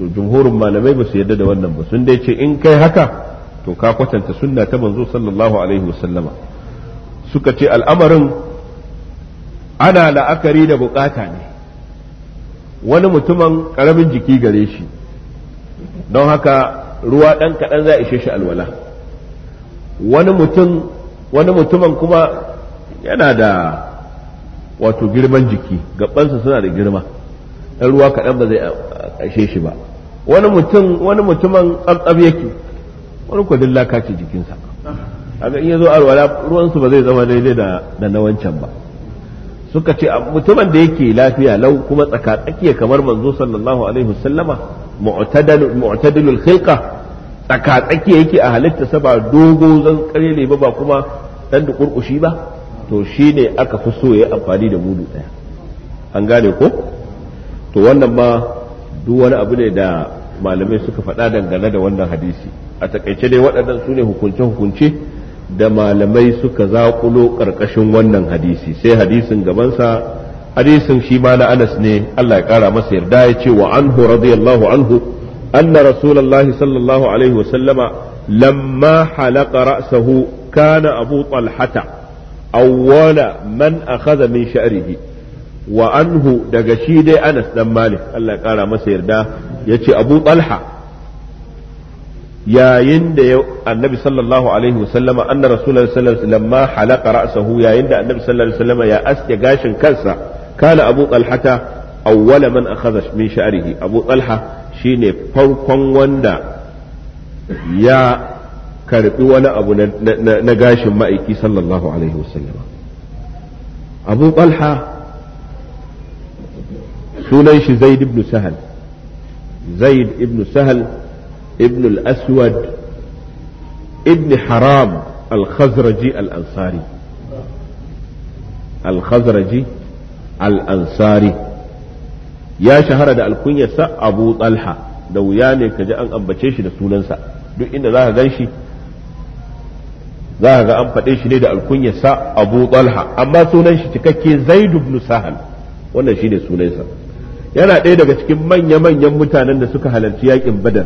to jumhurin malamai ba su yadda da wannan ba sun dai ce in kai haka to ka kwatanta sunna ta manzo sallallahu alaihi wasallama suka ce al'amarin ana la'akari da bukata ne wani mutumin karamin jiki gare shi don haka ruwa ɗan kaɗan za a ishe shi alwala wani mutum wani mutumin kuma yana da wato girman jiki gabansa suna da girma ɗan ruwa kaɗan ba zai ishe shi ba wani mutum wani mutumin tsabtsab yake wani ko duk ce jikinsa A in ya zo ruwa ruwansu ba zai zama daidai da na wancan ba suka ce ah, mutumin da yake lafiya lau kuma tsakatsakiya kamar manzo sallallahu alaihi wasallama mu'tadilul khilqa Tsakatsakiya yake a halitta sa ba dogo zan kare ne ba ba kuma dan da kurkushi ba to shine aka fi so yayi amfani da mudu daya an gane ko to wannan ma duk wani abu ne da malamai suka faɗa dangane da wannan hadisi a takaice dai waɗannan su ne hukunce-hukunce da malamai suka zaƙulo ƙarƙashin wannan hadisi sai hadisin gabansa hadisin shi ma na anas ne allah ya ƙara masa yarda ya ce wa anhu radiyallahu anhu anna rasulallahi sallallahu alaihi wa sallama lamma halaka ra'sahu kana abu talhata awwala man akhadha min sha'rihi wa anhu daga shi dai anas dan malik allah ya ƙara masa yarda ya ce abu talha yayin da annabi sallallahu alaihi wasallama anna rasulullahi sallallahu alaihi lamma halaka ra'sahu yayin da annabi sallallahu alaihi wasallama ya aske gashin kansa kana abu talhata awwala man akhadha min sha'rihi abu talha shine farkon wanda ya karbi wani abu na gashin ma'aiki sallallahu alaihi wasallama abu talha sunan shi zaid ibn sahal zaid ibn sahal ibn al-aswad ibni haram al al'ansari. ya shahara da alkunyarsa abu talha da wuya ne kaji an ambace shi da sunansa duk inda za ka gan ga an shi ne da alkunyarsa abu talha amma sunan shi cikakke zaid ibn sahal wannan shine sunansa yana ɗaya daga cikin manya-manyan mutanen da suka halarci yakin badar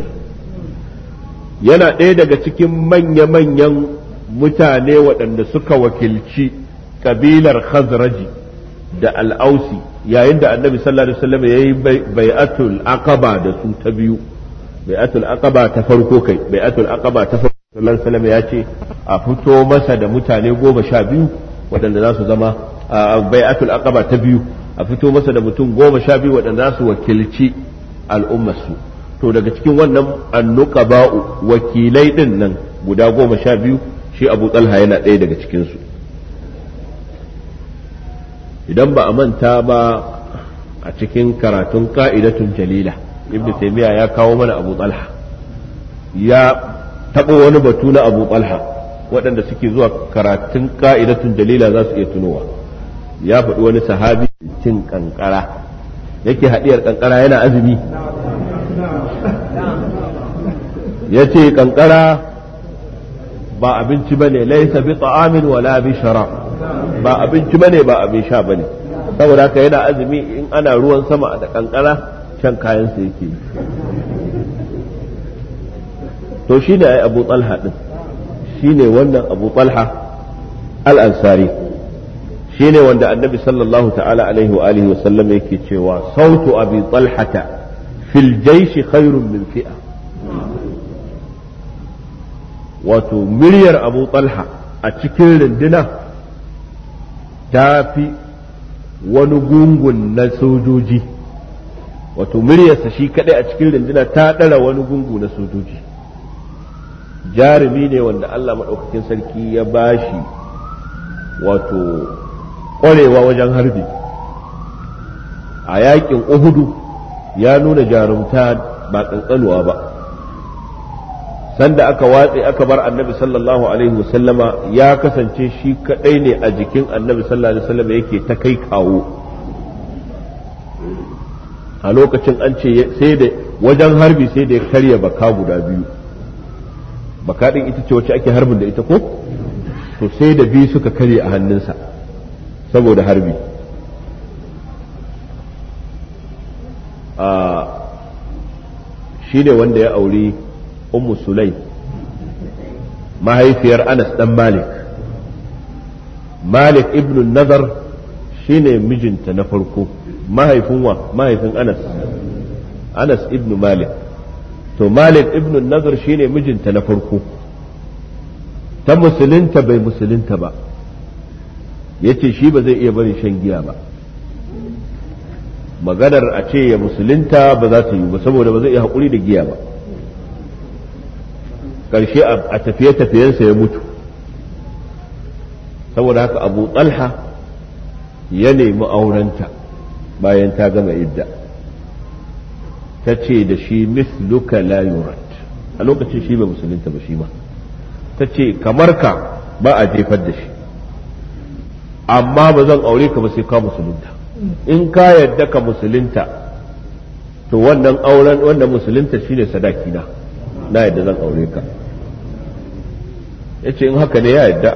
yana ɗaya daga cikin manya-manyan mutane waɗanda suka wakilci ƙabilar khazraji da al'ausi yayin da annabi sallallahu alaihi wasallam ya yi bai'atul aqaba da su ta biyu bai'atul aqaba ta farko kai bai'atul aqaba ta farko sallallahu alaihi wasallam ya ce a fito masa da mutane goma sha biyu waɗanda za su zama bai'atul aqaba ta biyu a fito masa da mutum goma sha biyu waɗanda za su wakilci su. to daga cikin wannan annukaba'u wakilai din nan guda goma sha biyu shi abu talha yana ɗaya daga cikinsu idan ba a manta ba a cikin karatun ka'idatun jalila ibn taymiya ya kawo mana abu talha ya taɓa wani batu na abu talha waɗanda suke zuwa karatun ka'idatun jalila za su iya tunowa ya faɗi wani sahabi cin ƙanƙara yake haɗiyar ƙanƙara yana azumi ya ce kankara ba abinci ba ne laisa bi ta'amin wala bi shara ba abinci ba ne ba abin sha ba ne saboda haka yana azumi in ana ruwan sama da kankara shan kayansa yake to shi ne ai abu talha din shi ne wannan abu talha al'ansari shi ne wanda annabi sallallahu ta'ala alaihi wa alihi wa sallam yake cewa sautu abi talhata fil jaishi khairun min wato miryar abu talha a cikin rinduna ta fi wani gungun na sojoji wato muryarsa shi kadai a cikin rinduna ta ɗara wani gungu na sojoji jarumi ne wanda Allah maɗaukakin sarki ya bashi wato ƙwarewa wajen harbi a yakin uhudu ya nuna jarumta ba tsantsanuwa ba sanda aka watse aka bar annabi sallallahu alaihi wasallama ya kasance shi kadai ne a jikin annabi sallallahu alaihi wasallama yake ta kai kawo a lokacin an ce sai da wajen harbi sai da ya karya baka guda biyu baka din ita ce wacce ake harbin da ita ko to sai da biyu suka karya a hannunsa saboda harbi A shi ne wanda ya auri ummu sulai mahaifiyar anas dan malik malik ibn nazar shi ne mijinta na farko mahaifin wa mahaifin anas anas ibn malik to malik ibn nazar shi ne mijinta na farko ta musulunta bai musulunta ba ya ce shi ba zai iya bari shan giya ba maganar a ce ya musulunta ba za ta yi ba saboda ba zai iya haƙuri da giya ba ƙarshe a tafiye-tafiyensa ya mutu saboda haka abu talha ya nemi aurenta bayan ta gama idda ta ce da shi misluka la yurat a lokacin shi ba musulunta ba shi ma ta ce kamar ka ba a jefar da shi amma ba zan aure ka ba sai ka musulunta in ka yadda ka musulunta to wannan auren wannan musulunta shine sadaki na na yadda zan aure ka yace in haka ne ya yadda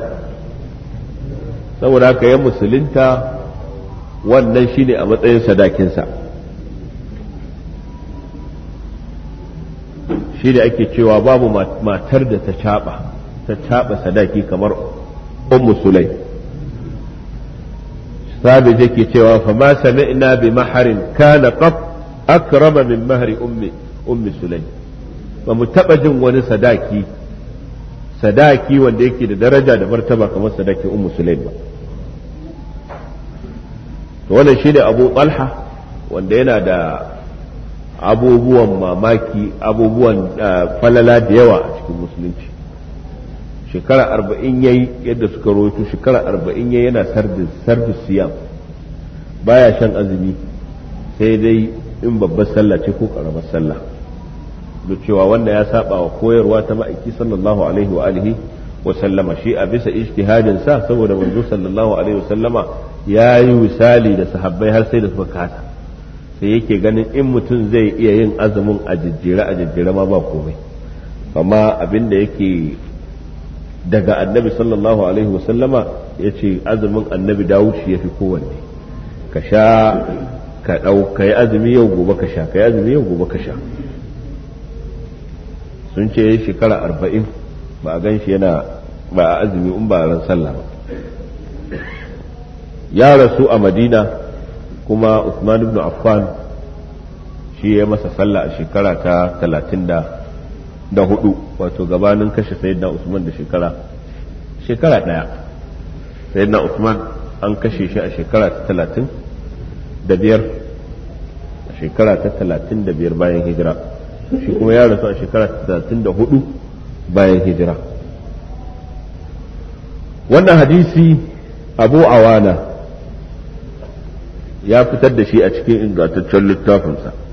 saboda haka ya musulunta wannan shine a matsayin sadakinsa shi da ake cewa babu matar da ta caɓa, ta caba sadaki kamar ummu sulai sabit yake cewa fa ma sami'na bi maharin kana qab akrama min mahri ummi ummi ba mu jin wani sadaki sadaki wanda yake da daraja da martaba kamar sadaki ummu sulaim ba to shi shine abu talha wanda yana da abubuwan mamaki abubuwan eh, falala da yawa a cikin musulunci shekara arba'in yayi yadda suka rotu shekara arba'in yayi yana sardis sardis siyam baya shan azumi sai dai in babbar sallah ce ko karamar sallah da cewa wanda ya saba wa koyarwa ta ma'aiki sallallahu alaihi wa alihi wa sallama shi a bisa ijtihadin sa saboda manzo sallallahu alaihi wa sallama ya yi misali da sahabbai har sai da suka kasa sai yake ganin in mutum zai iya yin azumin a jijjira a jijjira ma ba komai amma abin da yake daga annabi sallallahu alaihi wasallama ya ce azumin annabi dawud shi ya fi kowanne ka sha ka ɗau ka yi azumi yau gobe ka sha ka yi azumi yau gobe ka sha sun ce yi shekara arba'in ba a gan shi yana ba a azumi in ba ran sallah ba ya rasu a madina kuma usman ibn affan shi ya masa sallah a shekara ta talatin da da hudu wato gabanin kashe sayyidina usman da shekara shekara daya sayyidina usman an kashe shi a shekara ta talatin da biyar a shekara ta talatin da biyar bayan hijira shi kuma ya rasu a shekara ta talatin da hudu bayan hijira wannan hadisi abu awana ya fitar da shi a cikin ingantaccen littafinsa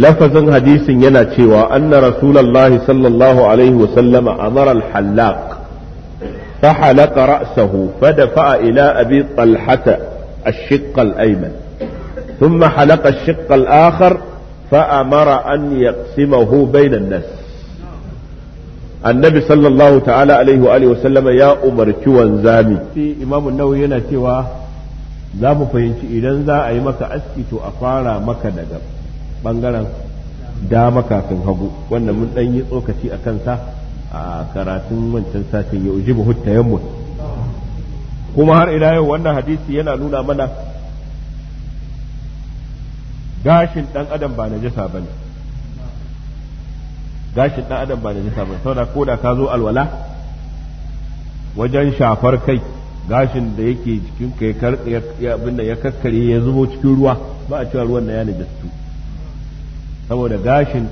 lafazin hadisin yana cewa anna rasulallahi sallallahu alaihi wasallama amara al-hallaq فحلق رأسه فدفع إلى أبي طلحة الشق الأيمن ثم حلق الشق الآخر فأمر أن يقسمه بين an النبي صلى الله تعالى عليه وآله وسلم يا أمر كوان زامي في إمام النووي yana cewa za mu fahimci idan za a yi maka aski to a fara maka daga bangaren dama kafin hagu wanda mun dan yi tsokaci a kansa a karatun wancan satin ya ujibu hutayen kuma har ila yau wannan hadisi yana nuna mana gashin dan adam ba na ba ne gashin dan adam ba najasa ba saboda ko da ka zo alwala wajen shafar kai gashin da yake jikin ka ya abin ya kakkare ya zubo cikin ruwa ba a cewa ruwan na ya najastu saboda gashin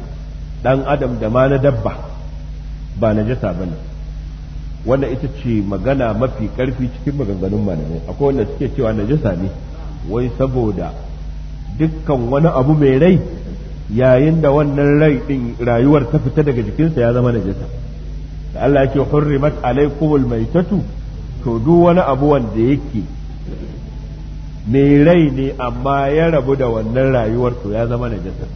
ɗan adam da ma na dabba ba na jasa ba ne wannan ita ce magana mafi karfi cikin maganganun malamai akwai wanda suke cewa na jasa ne wai saboda dukkan wani abu mai rai yayin da wannan rai ɗin rayuwar ta fita daga jikinsa ya zama na jasa da Allah yake hurrimat alaikumul maitatu to duk wani abu wanda yake mai rai ne amma ya rabu da wannan rayuwar to ya zama najasa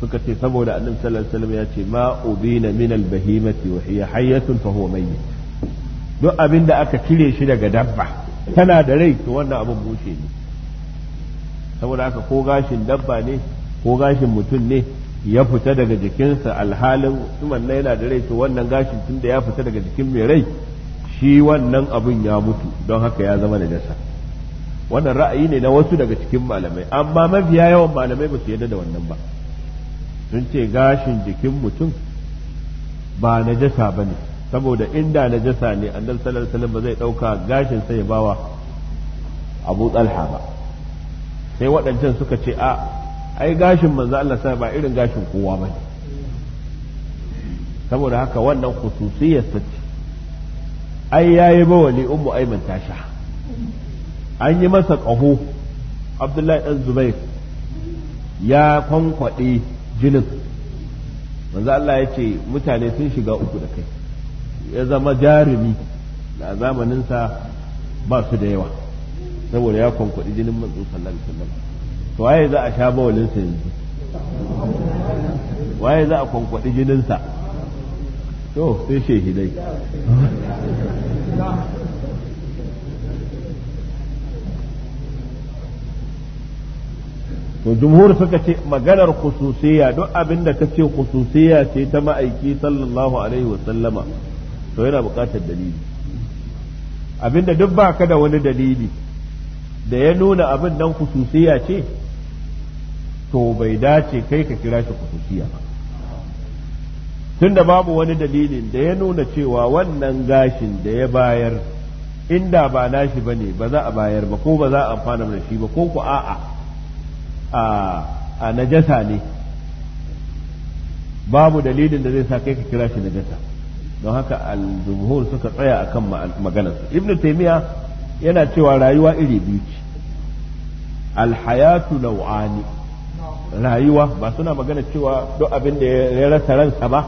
suka ce saboda annabi sallallahu alaihi ya ce ma ubina min albahimati bahimati wa hiya hayyatun fa huwa mayyit duk abin da aka cire shi daga dabba tana da rai to wannan abin bushe ne saboda haka ko gashin dabba ne ko gashin mutum ne ya fita daga jikinsa alhalin tuman na yana da rai to wannan gashin tun da ya fita daga jikin mai rai shi wannan abin ya mutu don haka ya zama da dasa wannan ra'ayi ne na wasu daga cikin malamai amma mafiya yawan malamai ba su yarda da wannan ba sun ce gashin jikin mutum ba na jasa ba ne saboda inda na jasa ne annabi sallallahu salar-salar ba zai ɗauka gashin sai ya bawa abu tsalha ba sai waɗancan suka ce a ai gashin manzo Allah sai ba irin gashin kowa ba ne saboda haka wannan khususiyar ta ce ai yayi bawali ummu aiman tasha an yi masa ƙaho abdullahi dan zubair ya kwankwaɗe jinin manzo Allah ya ce mutane sun shiga uku da kai ya zama jarumi da zamaninsa ba su da yawa saboda ya kwankwaɗi jinin manzo sallallahu alaihi wasallam to waye za a sha bawalinsa yanzu waye za a kwankwaɗi jininsa to sai shehidai to jumhur suka ce maganar khususiyya duk abin da kace khususiyya ce ta ma'aiki sallallahu alaihi wa sallama to yana buƙatar dalili abinda duk ba ka da wani dalili da ya nuna abin nan khususiyya ce to bai dace kai ka kira shi khususiyya ba tunda babu wani dalilin da ya nuna cewa wannan gashin da ya bayar inda ba nashi bane ba za a bayar ba ko ba za a amfana da shi ba ko ku a'a a najasa ne babu dalilin da zai sa kai ka kira shi najasa don haka al-jumhur suka tsaya akan su ibnu taymiya yana cewa rayuwa iri biyu ce alhayatu nau'ani rayuwa ba suna magana cewa duk abin da ya rasa ransa ba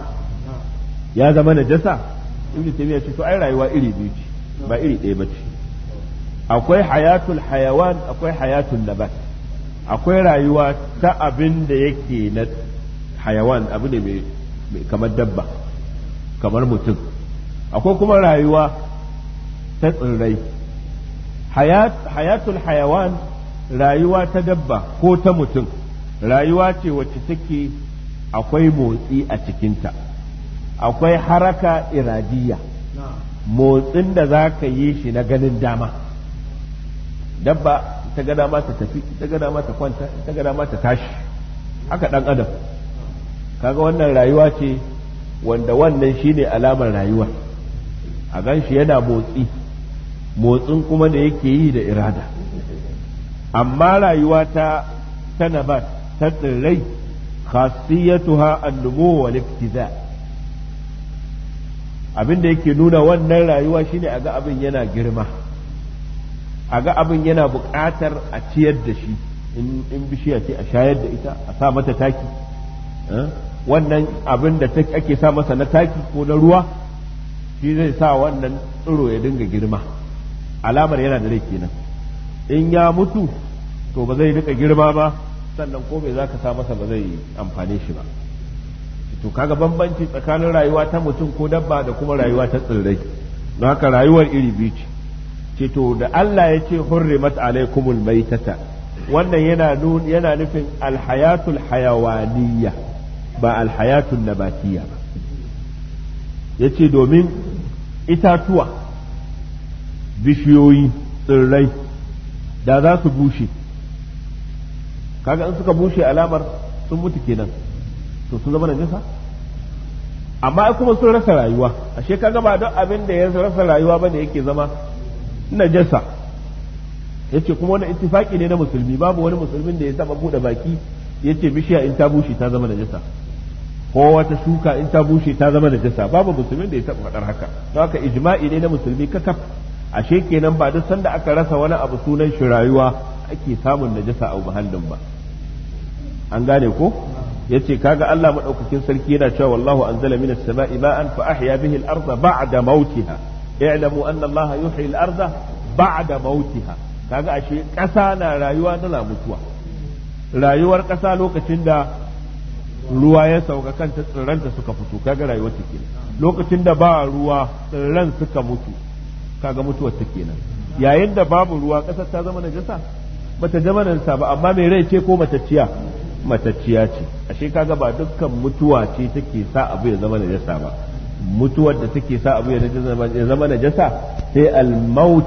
ya zama najasa ibnu taymiya ce to ai rayuwa iri biyu ce ba iri ɗaya ba ce akwai hayatul hayawan akwai hayatul nabat akwai rayuwa ta abin da yake na hayawan abu ne mai kamar dabba kamar mutum akwai kuma rayuwa ta tsirrai hayatul hayawan rayuwa ta dabba ko ta mutum rayuwa ce wacce take akwai motsi a cikinta akwai haraka iradiyya motsin da za ka yi shi na ganin dama dabba ta gada ma ta tafi ta gada ma ta kwanta ta gada ma ta tashi haka dan adam kaga wannan rayuwa ce wanda wannan shine alamar rayuwa a ganshi yana motsi motsin kuma da yake yi da irada amma rayuwa ta tana ba ta tsirrai khasiyatuha annumu wal ibtiza abin da yake nuna wannan rayuwa shine a ga abin yana girma a ga abin yana buƙatar a ciyar da shi in bishiya ce a shayar da ita a sa mata taki eh? wannan abin da ake sa masa na taki ko na ruwa shi zai sa wannan tsiro ya dinga girma alamar yana da rai kenan in ya mutu to ba zai dinga girma ba sannan ko bai za ka sa masa ba zai amfane shi ba to kaga bambanci tsakanin rayuwa ta mutum ko dabba da kuma rayuwa ta tsirrai don haka rayuwar iri biyu ce ce to da Allah ya ce hurrimat alaikumul maitata wannan yana yana nufin alhayatul hayawaniyya ba alhayatul nabatiyya ba yace domin itatuwa bishiyoyi tsirrai da za su bushe kaga in suka bushe alamar sun mutu kenan to sun zama najasa amma kuma sun rasa rayuwa ashe kaga ba don abin da ya rasa rayuwa bane yake zama najasa yace kuma wannan ittifaki ne na musulmi babu wani musulmin da ya taba bude baki yace bishiya in ta bushe ta zama najasa ko wata shuka in ta bushe ta zama najasa babu musulmin da ya taba faɗar haka don haka ijma'i ne na musulmi kakaf ashe kenan ba duk sanda aka rasa wani abu sunan shi rayuwa ake samun najasa a muhallin ba an gane ko yace kaga Allah madaukakin sarki yana cewa wallahu anzala minas sama'i ma'an fa ahya bihi al-ardha ba'da mautiha i'lamu anna allaha yuhyi al-ardha ba'da kaga ashe ƙasa na rayuwa na mutuwa rayuwar ƙasa lokacin da ruwa ya sauka kanta ta suka fito kaga rayuwar take lokacin da ba ruwa tsirran suka mutu kaga mutuwar ta kenan yayin da babu ruwa ƙasar ta zama najasa bata zama najasa ba amma mai rai ce ko matacciya matacciya ce ashe kaga ba dukkan mutuwa ce take sa abu ya zama najasa ba mutuwar da take sa abu ya zama najasa sai al-maut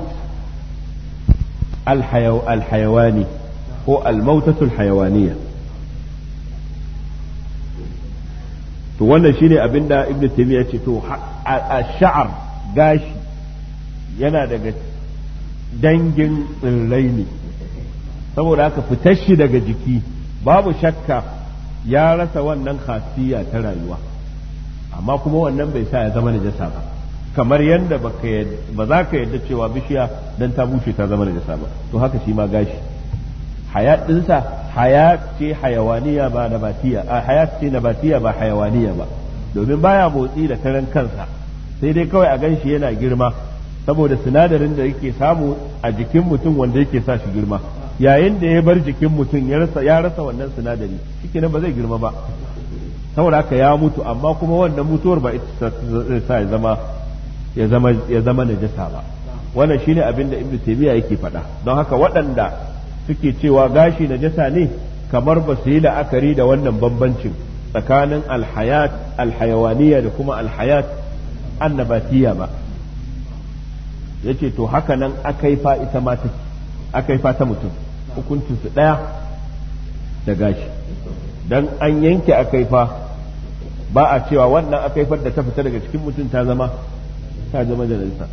al-hayawani ko al-mautatul hayawaniya to wannan shine da ibnu taymiya ce to ash-sha'r gashi yana daga dangin tsirrai ne saboda haka fitar shi daga jiki babu shakka ya rasa wannan khasiyya ta rayuwa amma kuma wannan bai sa ya zama najasa ba kamar yadda ba za ka yadda cewa bishiya dan ta bushe ta zama najasa ba to haka shi ma gashi hayat dinsa hayat ce hayawaniya ba nabatiya a hayat ce nabatiya ba hayawaniya ba domin baya motsi da karan kansa sai dai kawai a ganshi yana girma saboda sinadarin da yake samu a jikin mutum wanda yake sa shi girma yayin da ya bar jikin mutum ya rasa wannan sinadari shi ba zai girma ba saboda haka ya mutu amma kuma wannan mutuwar ba ita sa ya zama ya zama ya zama najasa ba wannan shine abin da ibnu taymiya yake faɗa don haka waɗanda suke cewa gashi najasa ne kamar ba su yi la'akari da wannan bambancin tsakanin alhayat alhayawaniya da kuma alhayat annabatiya ba yace to haka nan akai fa ita ma akai fa ta mutum hukuncin su daya da gashi dan an yanke a kaifa ba a cewa wannan a kaifar da ta fita daga cikin mutum ta zama ta zama najasa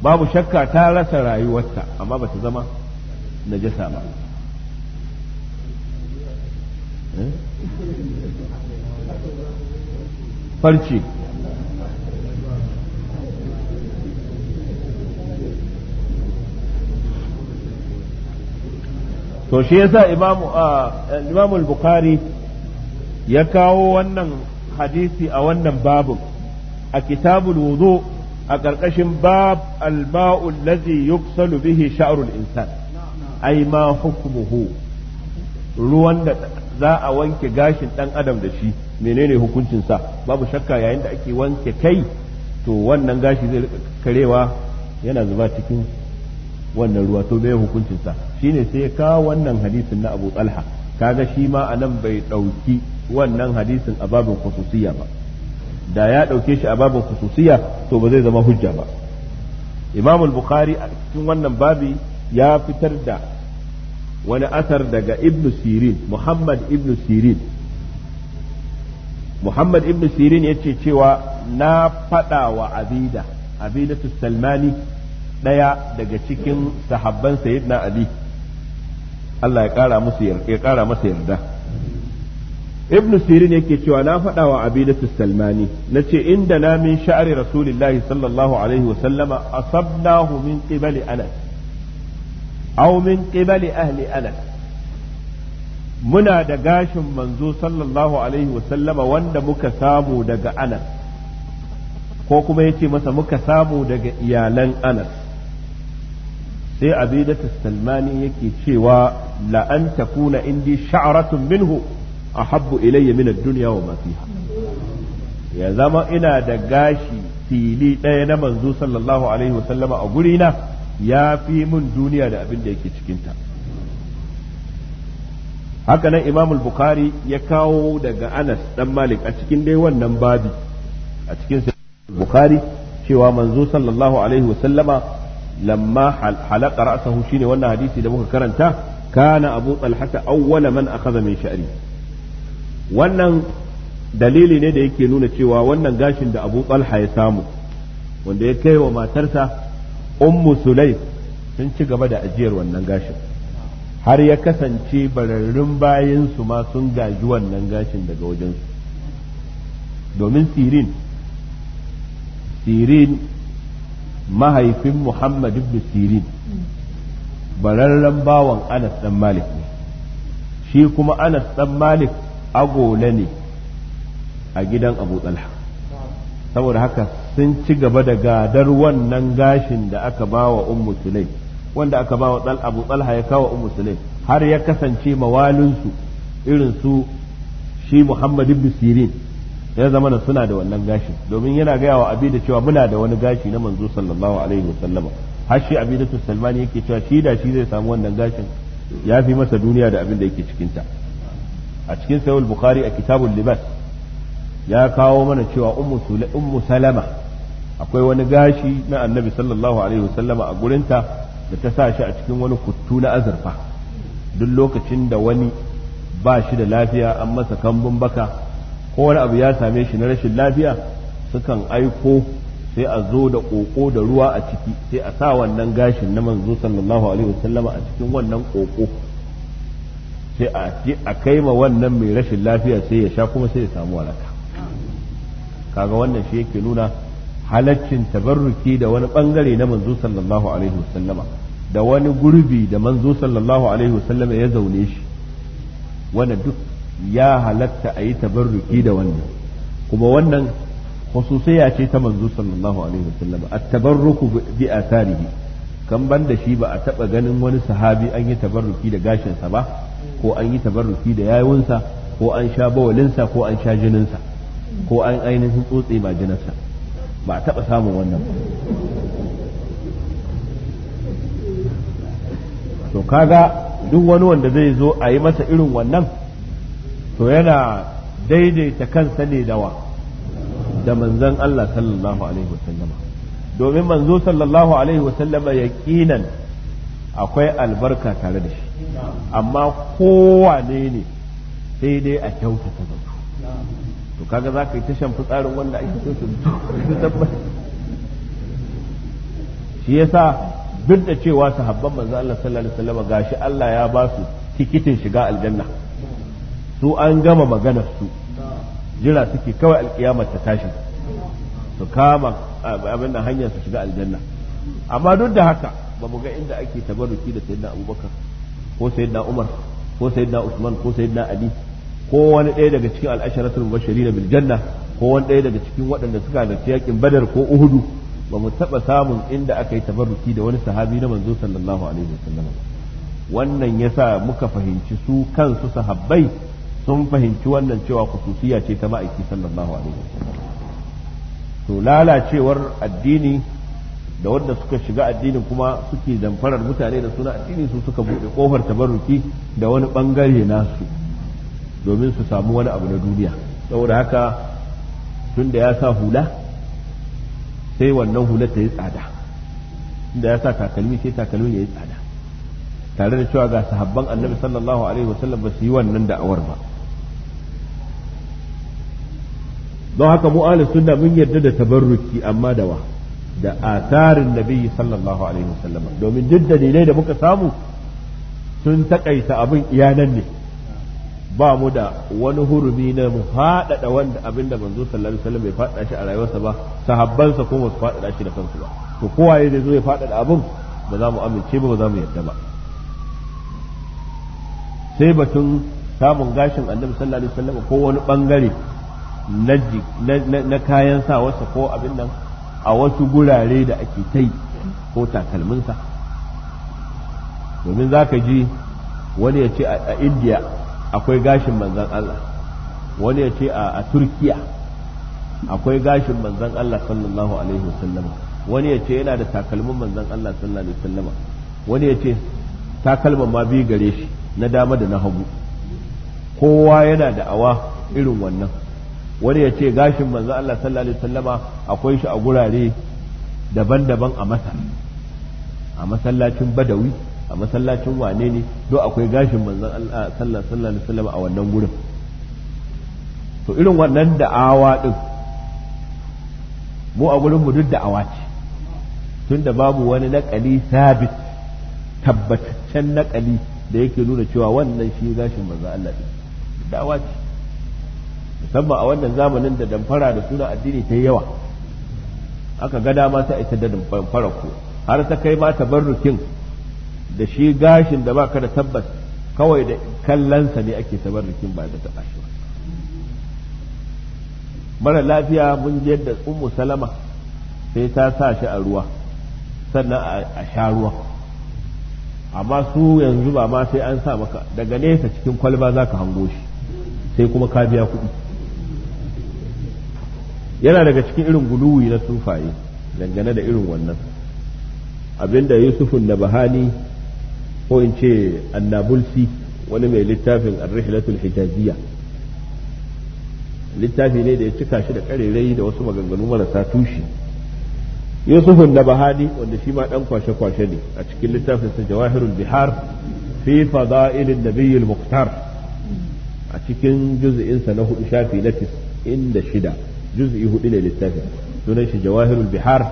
babu shakka ta rasa rayuwarta amma ba ta zama najasa ba eh? farce to shi yasa imamu imamu al-bukhari ya kawo wannan hadisi a wannan babu a kitabul wudu a ƙarƙashin bab al-ma'u allazi yuksalu bihi sha'rul insan ai ma hukmuhu ruwan da za a wanke gashin dan adam da shi menene hukuncinsa babu shakka yayin da ake wanke kai to wannan gashi zai karewa yana zuba cikin wannan ruwa to me hukuncinsa sa shine sai ya kawo wannan hadisin na Abu Talha kaga shi ma anan bai dauki wannan hadisin a babin khususiyya ba da ya dauke shi a babin khususiyya to ba zai zama hujja ba Imam al-Bukhari a cikin wannan babi ya fitar da wani asar daga Ibn Sirin Muhammad Ibn Sirin Muhammad Ibn Sirin yace cewa na fada wa Abida Abidatu Salmani ɗaya daga cikin sahabban sayyidina ali Allah ya ƙara musu ya ƙara masa yarda ibnu sirin yake cewa na faɗa wa abidatu salmani na ce inda na min sha'ari rasulillahi sallallahu alaihi wa sallama asabnahu min qibali anas aw min qibali ahli anas muna da gashin manzo sallallahu alaihi wa sallama wanda muka samu daga anas ko kuma yace masa muka samu daga iyalan anas sai abidatu salmani yake cewa la an indi sha'aratun minhu habbu ilayya min ad-dunya wa ma fiha ya zama ina da gashi fili ɗaya na manzo sallallahu alaihi wa sallama a gurina ya fi mun duniya da abin da yake cikinta haka nan imamul bukhari ya kawo daga anas dan malik a cikin dai wannan babi a cikin bukhari cewa manzo sallallahu alaihi wa sallama lamma halaka ra'sahu shine wannan hadisi da muka karanta kana abu ta awwala man akhadha min sha'ri wannan dalili ne da yake nuna cewa wannan gashin da abu ya samu wanda ya kai wa matarsa ummu sulaim sun ci gaba da ajiyar wannan gashin har ya kasance bararrun bayansu ma sun gaji wannan gashin daga wajensu domin sirin sirin mahaifin Muhammad ibn Sirin bararren bawan Anas dan Malik ne shi kuma Anas dan Malik agola ne a gidan Abu Talha saboda haka sun ci gaba da gadar wannan gashin da aka bawa Ummu Sulaim wanda aka bawa Dal Abu Talha ya kawo Ummu Sulaim har ya kasance mawalinsu irin su shi Muhammad ibn Sirin ya zama da suna da wannan gashin domin yana gaya wa abida cewa muna da wani gashi na manzo sallallahu alaihi sallama har shi abidatu salmani yake cewa shi da shi zai samu wannan gashin ya fi masa duniya da abin da yake ta a cikin sayul bukhari a kitabul libas ya kawo mana cewa ummu salama akwai wani gashi na annabi sallallahu alaihi sallama a gurinta da ta sa shi a cikin wani kuttu na azurfa duk lokacin da wani ba shi da lafiya an masa kambun baka ko wani abu ya same shi na rashin lafiya sukan aiko sai a zo da ƙoƙo da ruwa a ciki sai a sa wannan gashin na manzo sallallahu alaihi wasallama a cikin wannan ƙoƙo sai a a kai ma wannan mai rashin lafiya sai ya sha kuma sai ya samu waraka kaga wannan shi yake nuna halaccin tabarruki da wani bangare na manzo sallallahu alaihi wasallama da wani gurbi da manzo sallallahu alaihi wasallama ya zaune shi wannan duk ya halatta a yi tabarruki da wannan kuma wannan khususiyya ce ta manzo sallallahu alaihi wasallam at-tabarruku bi atarihi kan ban da shi ba a taba ganin wani sahabi an yi tabarruki da gashinsa ba ko an yi tabarruki da yawunsa ko an sha bawalinsa ko an sha jininsa ko an ainihin tsotse ba jinarsa ba a taba samun wannan to kaga duk wani wanda zai zo a yi masa irin wannan to yana daidaita kansa ne dawa da manzon Allah sallallahu alaihi wasallama domin manzo sallallahu alaihi wasallama yaqinan akwai albarka tare da shi amma kowane ne sai dai a kyautata zuwa to kaga za ka yi tashan fitsarin wanda ake su tabbata shi yasa duk da cewa sahabban manzo Allah sallallahu alaihi wasallama gashi Allah ya ba su tikitin shiga aljanna su an gama maganar su jira suke kawai alkiyamar ta tashi su kama abin da hanyar su shiga aljanna amma duk da haka ba mu ga inda ake tabaruki da sayyidina abubakar ko sayyidina umar ko sayyidina usman ko sayyidina ali ko wani ɗaya daga cikin al'asharatul mubashirin bil janna ko wani ɗaya daga cikin waɗanda suka halarci yakin badar ko uhudu ba mu taɓa samun inda aka yi tabarruki da wani sahabi na manzo sallallahu alaihi wasallam wannan yasa muka fahimci su kansu sahabbai sun fahimci wannan cewa kususiya ce ta ma'aiki sallallahu alaihi wasallam to lalacewar addini da wanda suka shiga addinin kuma suke zamfarar mutane da suna addini su suka buɗe kofar tabarruki da wani bangare nasu domin su samu wani abu na duniya saboda haka tun da ya sa hula sai wannan hula ta yi tsada tun da ya sa takalmi sai takalmin ya yi tsada tare da cewa ga sahabban annabi sallallahu alaihi wasallam ba su yi wannan da'awar ba don haka mu ahlus sunna mun yarda da tabarruki amma da wa da asarin nabi sallallahu alaihi wasallam domin duk dalilai da muka samu sun takaita abin iyanan ne ba mu da wani hurumi na mu haɗaɗa wanda abin da manzo sallallahu alaihi wasallam bai faɗaɗa shi a rayuwarsa ba sahabbansa ko wasu faɗaɗa shi da kansu ba to kowa ya zai zo ya faɗaɗa abin ba za mu amince ba ba za mu yarda ba sai batun samun gashin annabi sallallahu alaihi wasallam ko wani bangare na kayan sa wasa ko abin nan a wasu gurare da ake ta yi ko takalminsa domin za ka ji wani ya ce a indiya akwai gashin manzan Allah wani ya ce a turkiya akwai gashin manzan Allah sallallahu alaihi wasallam wani ya ce yana da takalmin manzan Allah sallallahu alaihi wasallam wani ya ce takalman ma biyu gare shi na dama da na hagu kowa yana da awa irin wannan wani ya ce gashin manzo Allah sallallahu alaihi wasallama akwai shi a gurare daban-daban a masar a masallacin badawi a masallacin wane ne do akwai gashin manzo Allah sallallahu alaihi wasallama a wannan gurin to irin wannan da'awa din mu a gurin mu duk da'awa ce tunda babu wani nakali sabit tabbataccen nakali da yake nuna cewa wannan shi gashin manzo Allah din da'awa ce musamman a wannan zamanin da damfara da suna addini ta yawa aka ga dama ta ita da damfara ko har ta kai ma tabarrukin da shi gashin da baka da tabbas kawai da kallansa ne ake tabarrukin ba da taɓa shi mara lafiya mun je da ummu salama sai ta sa shi a ruwa sannan a sha ruwa amma su yanzu ba ma sai an sa maka daga nesa cikin kwalba za ka hango shi sai kuma ka biya kuɗi yana daga cikin irin guluwi na sufaye dangane da irin wannan abinda yusufun na bahani ko in ce annabulsi wani mai littafin arrihilatul hijaziyya littafi ne da ya cika shi da karerai da wasu maganganu marasa tushe yusufun na bahani wanda shi ma dan kwashe-kwashe ne a cikin littafin sa jawahirul bihar fi fada'ilin nabiyyul muktar a cikin juz'insa na hudu shafi na shida. juz'i huɗu ne littafin sunan shi jawahirul bihar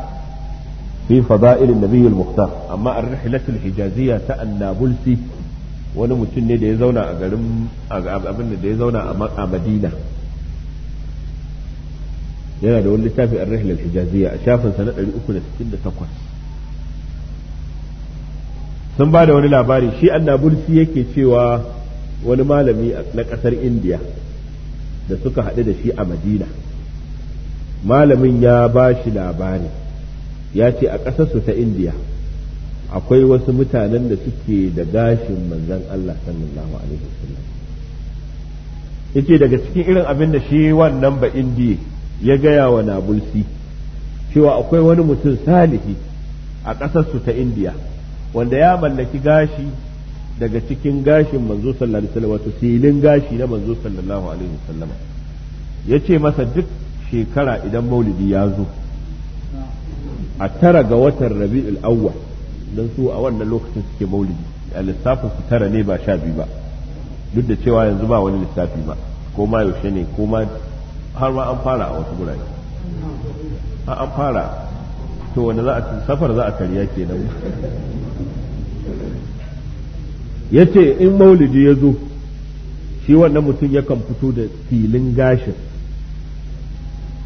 fi irin an-nabiy al-mukhtar amma ar-rihlatul hijaziyya ta annabulsi wani mutum ne da ya zauna a garin abin da ya zauna a Madina yana da wani littafi a shafin sun ba da wani labari shi annabulsi yake cewa wani malami na ƙasar indiya da suka haɗu da shi a madina malamin ya ba shi labari ya ce a ƙasarsu ta indiya akwai wasu mutanen da suke da gashin manzan Allah sallallahu alaihi wasallam yace daga cikin irin abin da shi wannan ba indiya ya gaya wa nabulsi cewa akwai wani mutum salihi a ƙasarsu ta indiya wanda ya mallaki gashi daga cikin gashin manzo sallallahu alaihi wasallam wato silin gashi na manzo sallallahu alaihi wasallam yace masa duk shekara idan maulidi ya zo a tara ga watan rabi'ul awwal don su a wannan lokacin suke maulidi a lissafin su tara ne ba sha biyu ba duk da cewa yanzu ba wani lissafi ba ko ma yaushe ne ko ma har ma an fara a wasu gurare an fara to wanda za a safar za a karya kenan ya ce in maulidi ya zo shi wannan mutum yakan fito da filin gashin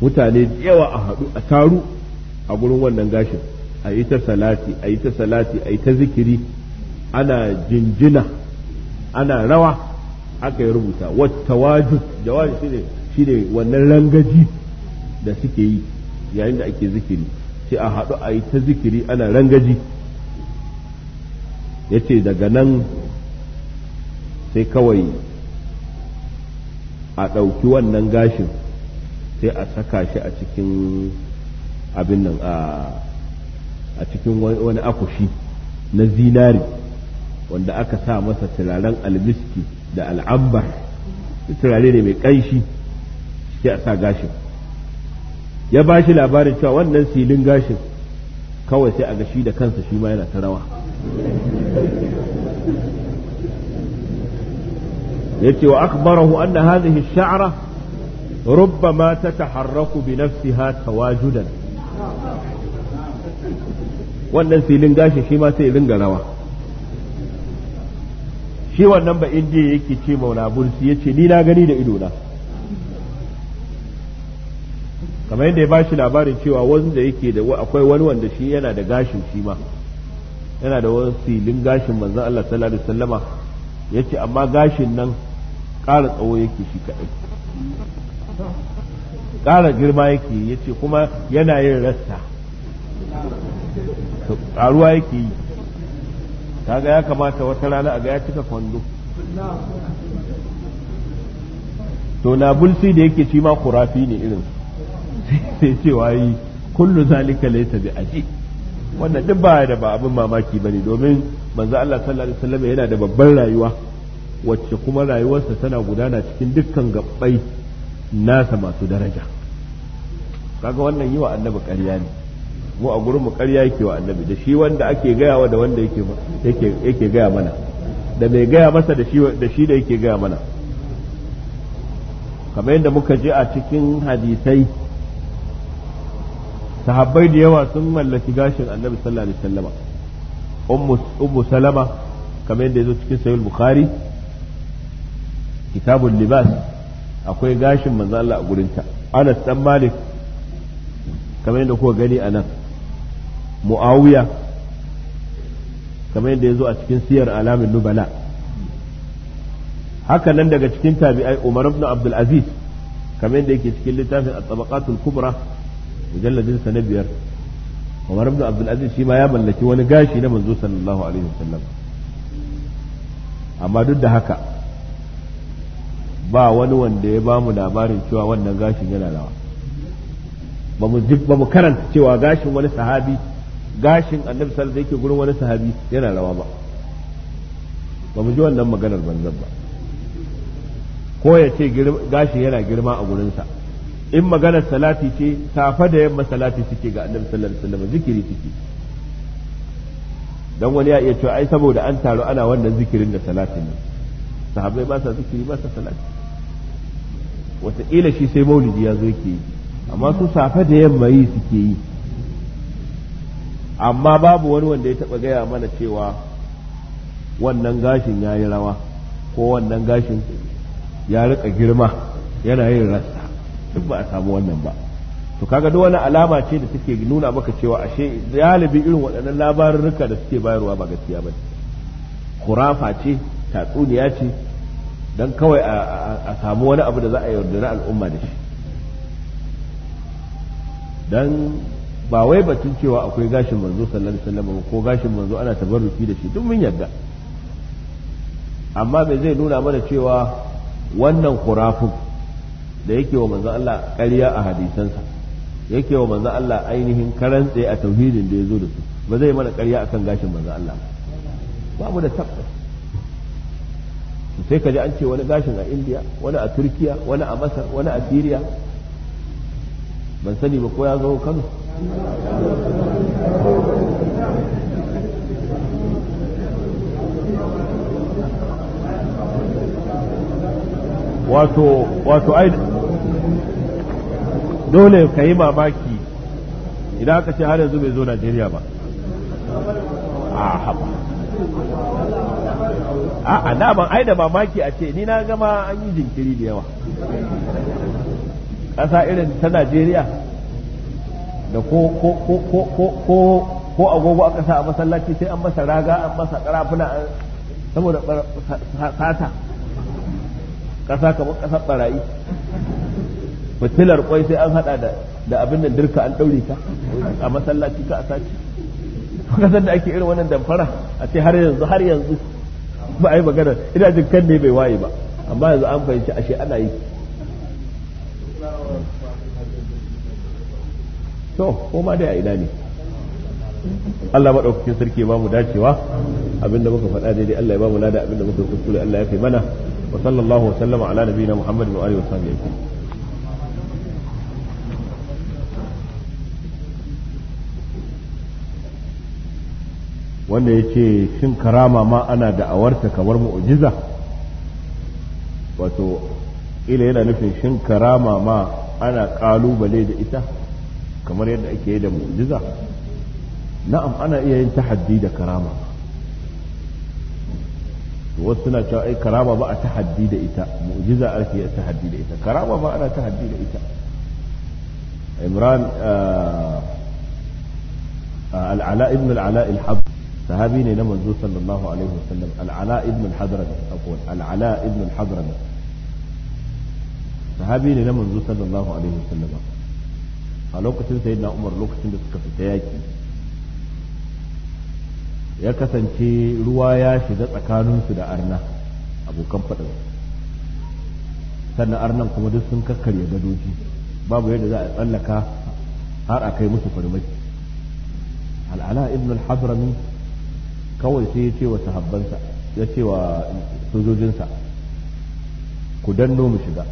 mutane da yawa a haɗu a taru a gurin wannan gashin a yi ta salati a yi ta salati a yi ta zikiri ana jinjina ana rawa aka yi rubuta wata waju jawabi shine shine wannan rangaji da suke yi yayin da ake zikiri sai a haɗu a yi ta zikiri ana rangaji Ya ce daga nan sai kawai a ɗauki wannan gashin sai a saka shi a cikin abin nan a cikin wani akushi na zinari wanda aka sa masa turaren almiski da al'ambar turare ne mai ƙanshi sai a sa gashin ya ba shi labarin cewa wannan silin gashin kawai sai a gashi da kansa shi ma yana ta rawa yace wa akbarahu anna hadhihi ash-sha'ra ربما تتحرك بنفسها تواجدا wannan filin gashi shi ma sai ringa rawa shi wannan ba indiya yake ce mauna bulsi ya ce ni na gani da idona kamar yadda ya ba shi labarin cewa wanda yake da akwai wani wanda shi yana da gashin shi ma yana da wani filin gashin manzon Allah sallallahu alaihi wasallama yace amma gashin nan ƙara tsawo yake shi kaɗai ƙara girma yake ya ce kuma yana yin rasta ƙaruwa yake yi ta ga ya kamata wata rana a ga ya cika kwando to na bulsi da yake shi ma kurafi ne irin sai cewa yi kullu zalika laysa bi aji wannan duk baya da ba abin mamaki bane domin manzo Allah sallallahu alaihi wasallam yana da babban rayuwa wacce kuma rayuwarsa tana gudana cikin dukkan gabbai nasa masu daraja kaga wannan yi wa annabi ƙarya ne mu a gurin mu ƙarya yake wa annabi da shi wanda ake gaya wa da wanda yake yake gaya mana da mai gaya masa da shi da shi da yake gaya mana kamar yadda muka ji a cikin hadisai sahabbai da yawa sun mallaki gashin annabi sallallahu alaihi wasallama ummu salama kamar yadda yazo cikin sahih bukhari kitabul libas akwai gashin manzo Allah a gurinta Anas dan Malik kamar yadda kuka gani a nan Muawiya kamar yadda ya a cikin siyar alamin nubala haka nan daga cikin tabi'ai Umar ibn Abdul Aziz kamar yadda yake cikin littafin at-tabaqatul kubra mujalladin sa na biyar Umar ibn Abdul Aziz shi ma ya mallaki wani gashi na manzo sallallahu alaihi wasallam amma duk da haka ba wani wanda ya ba mu labarin cewa wannan gashin yana rawa ba mu ba mu karanta cewa gashin wani sahabi gashin annabi sallallahu alaihi wasallam yake gurin wani sahabi yana rawa ba ba mu ji wannan maganar banzan ba ko ya ce gashin yana girma a gurinsa in maganar salati ce safa da yamma salati suke ga annabi sallallahu alaihi wasallam zikiri suke dan wani ya iya cewa ai saboda an taru ana wannan zikirin da salatin ne sahabbai ba sa zikiri ba sa salati wataƙila shi sai maulidi ya zo ke yi amma su safe da yamma yi suke yi amma babu wani wanda ya taɓa gaya mana cewa wannan gashin ya yi rawa ko wannan gashin ya rika girma yana yin rasta duk ba a samu wannan ba to kaga duk wani alama ce da suke nuna maka cewa ashe galibi irin waɗannan labarurruka da suke bayarwa ba gaskiya ba ne khurafa ce tatsuniya ce don kawai a samu wani abu da za a yardana al'umma da shi don ba wai batun cewa akwai gashin manzo sallallahu alaihi wasallam ko gashin manzo ana tabarruki da shi duk mun yarda amma bai zai nuna mana cewa wannan kurafin da yake wa manzo Allah ƙarya a hadisansa yake wa manzo Allah ainihin karantse a tauhidin da ya zo da su ba zai mana ƙarya akan gashin manzo Allah ba mu da tabbas sai ka ji an ce wani gashin a indiya wani a turkiya wani a masar wani a siriya ban sani ba ko ya zo kano wato wato ai dole ka yi mamaki idan aka ce har yanzu bai zo najeriya ba a ah, haba a'a na ban ai da mamaki a ce ni na gama an yi jinkiri da yawa ƙasa irin ta Najeriya da ko ko ko ko ko ko ko agogo aka sa a masallaci sai an masa raga an masa karafuna saboda sata ƙasa kamar ƙasar barayi fitilar kwai sai an hada da da abin da dirka an daure ta a masallaci ka a sace kasan da ake irin wannan damfara a ce har yanzu har yanzu ba a yi magana ina jin kan ne bai waye ba amma yanzu an fahimci ashe ana yi to ko ma da a ina ne Allah maɗaukakin sarki ba mu dacewa abinda muka faɗa daidai Allah ya ba mu lada abinda muka kuskure Allah ya kai mana wa sallallahu wa sallama ala nabiyina Muhammadin wa alihi wa sahbihi wanda ya ce shin karama ma ana da'awarta kamar mu'ujiza wato ila yana nufin shin karama ma ana kalubale da ita kamar yadda ake yi da mu'ujiza na'am ana iya yin tahaddi da karama wasu suna cewa ai karama ba a tahaddi da ita mu'jiza ake yi tahaddi da ita karama ba ana tahaddi da ita imran al'ala ibn al'ala al-habs sahabi ne na manzo sallallahu alaihi wasallam al'ala ibn al-hadrami aqul al'ala ibn al-hadrami sahabi ne na manzo sallallahu alaihi wasallam a lokacin sayyidina umar lokacin da suka fita yaki ya kasance ruwa ya shiga tsakaninsu da arna abokan faɗin sannan arnan kuma duk sun kakkarya gadoji babu yadda za a tsallaka har a kai musu farmaki al'ala ibn al-hadrami kawai sai ya ce wa sahabbansa ya ce wa sojojinsa ku danno mu shiga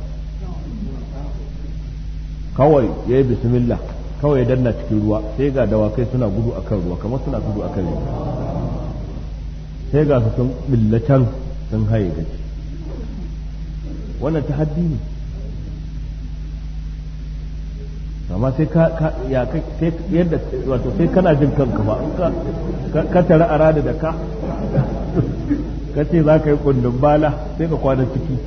kawai ya yi bismillah kawai ya danna cikin ruwa sai ga dawakai suna gudu a kan ruwa kamar suna gudu a kan ruwa sai ga su sun billatan sun haye gaci wannan ta ne amma sai ka ya kai yadda wato sai kana jin kanka ba ka tara arada da ka ka ce za ka yi kundin bala sai ka kwana ciki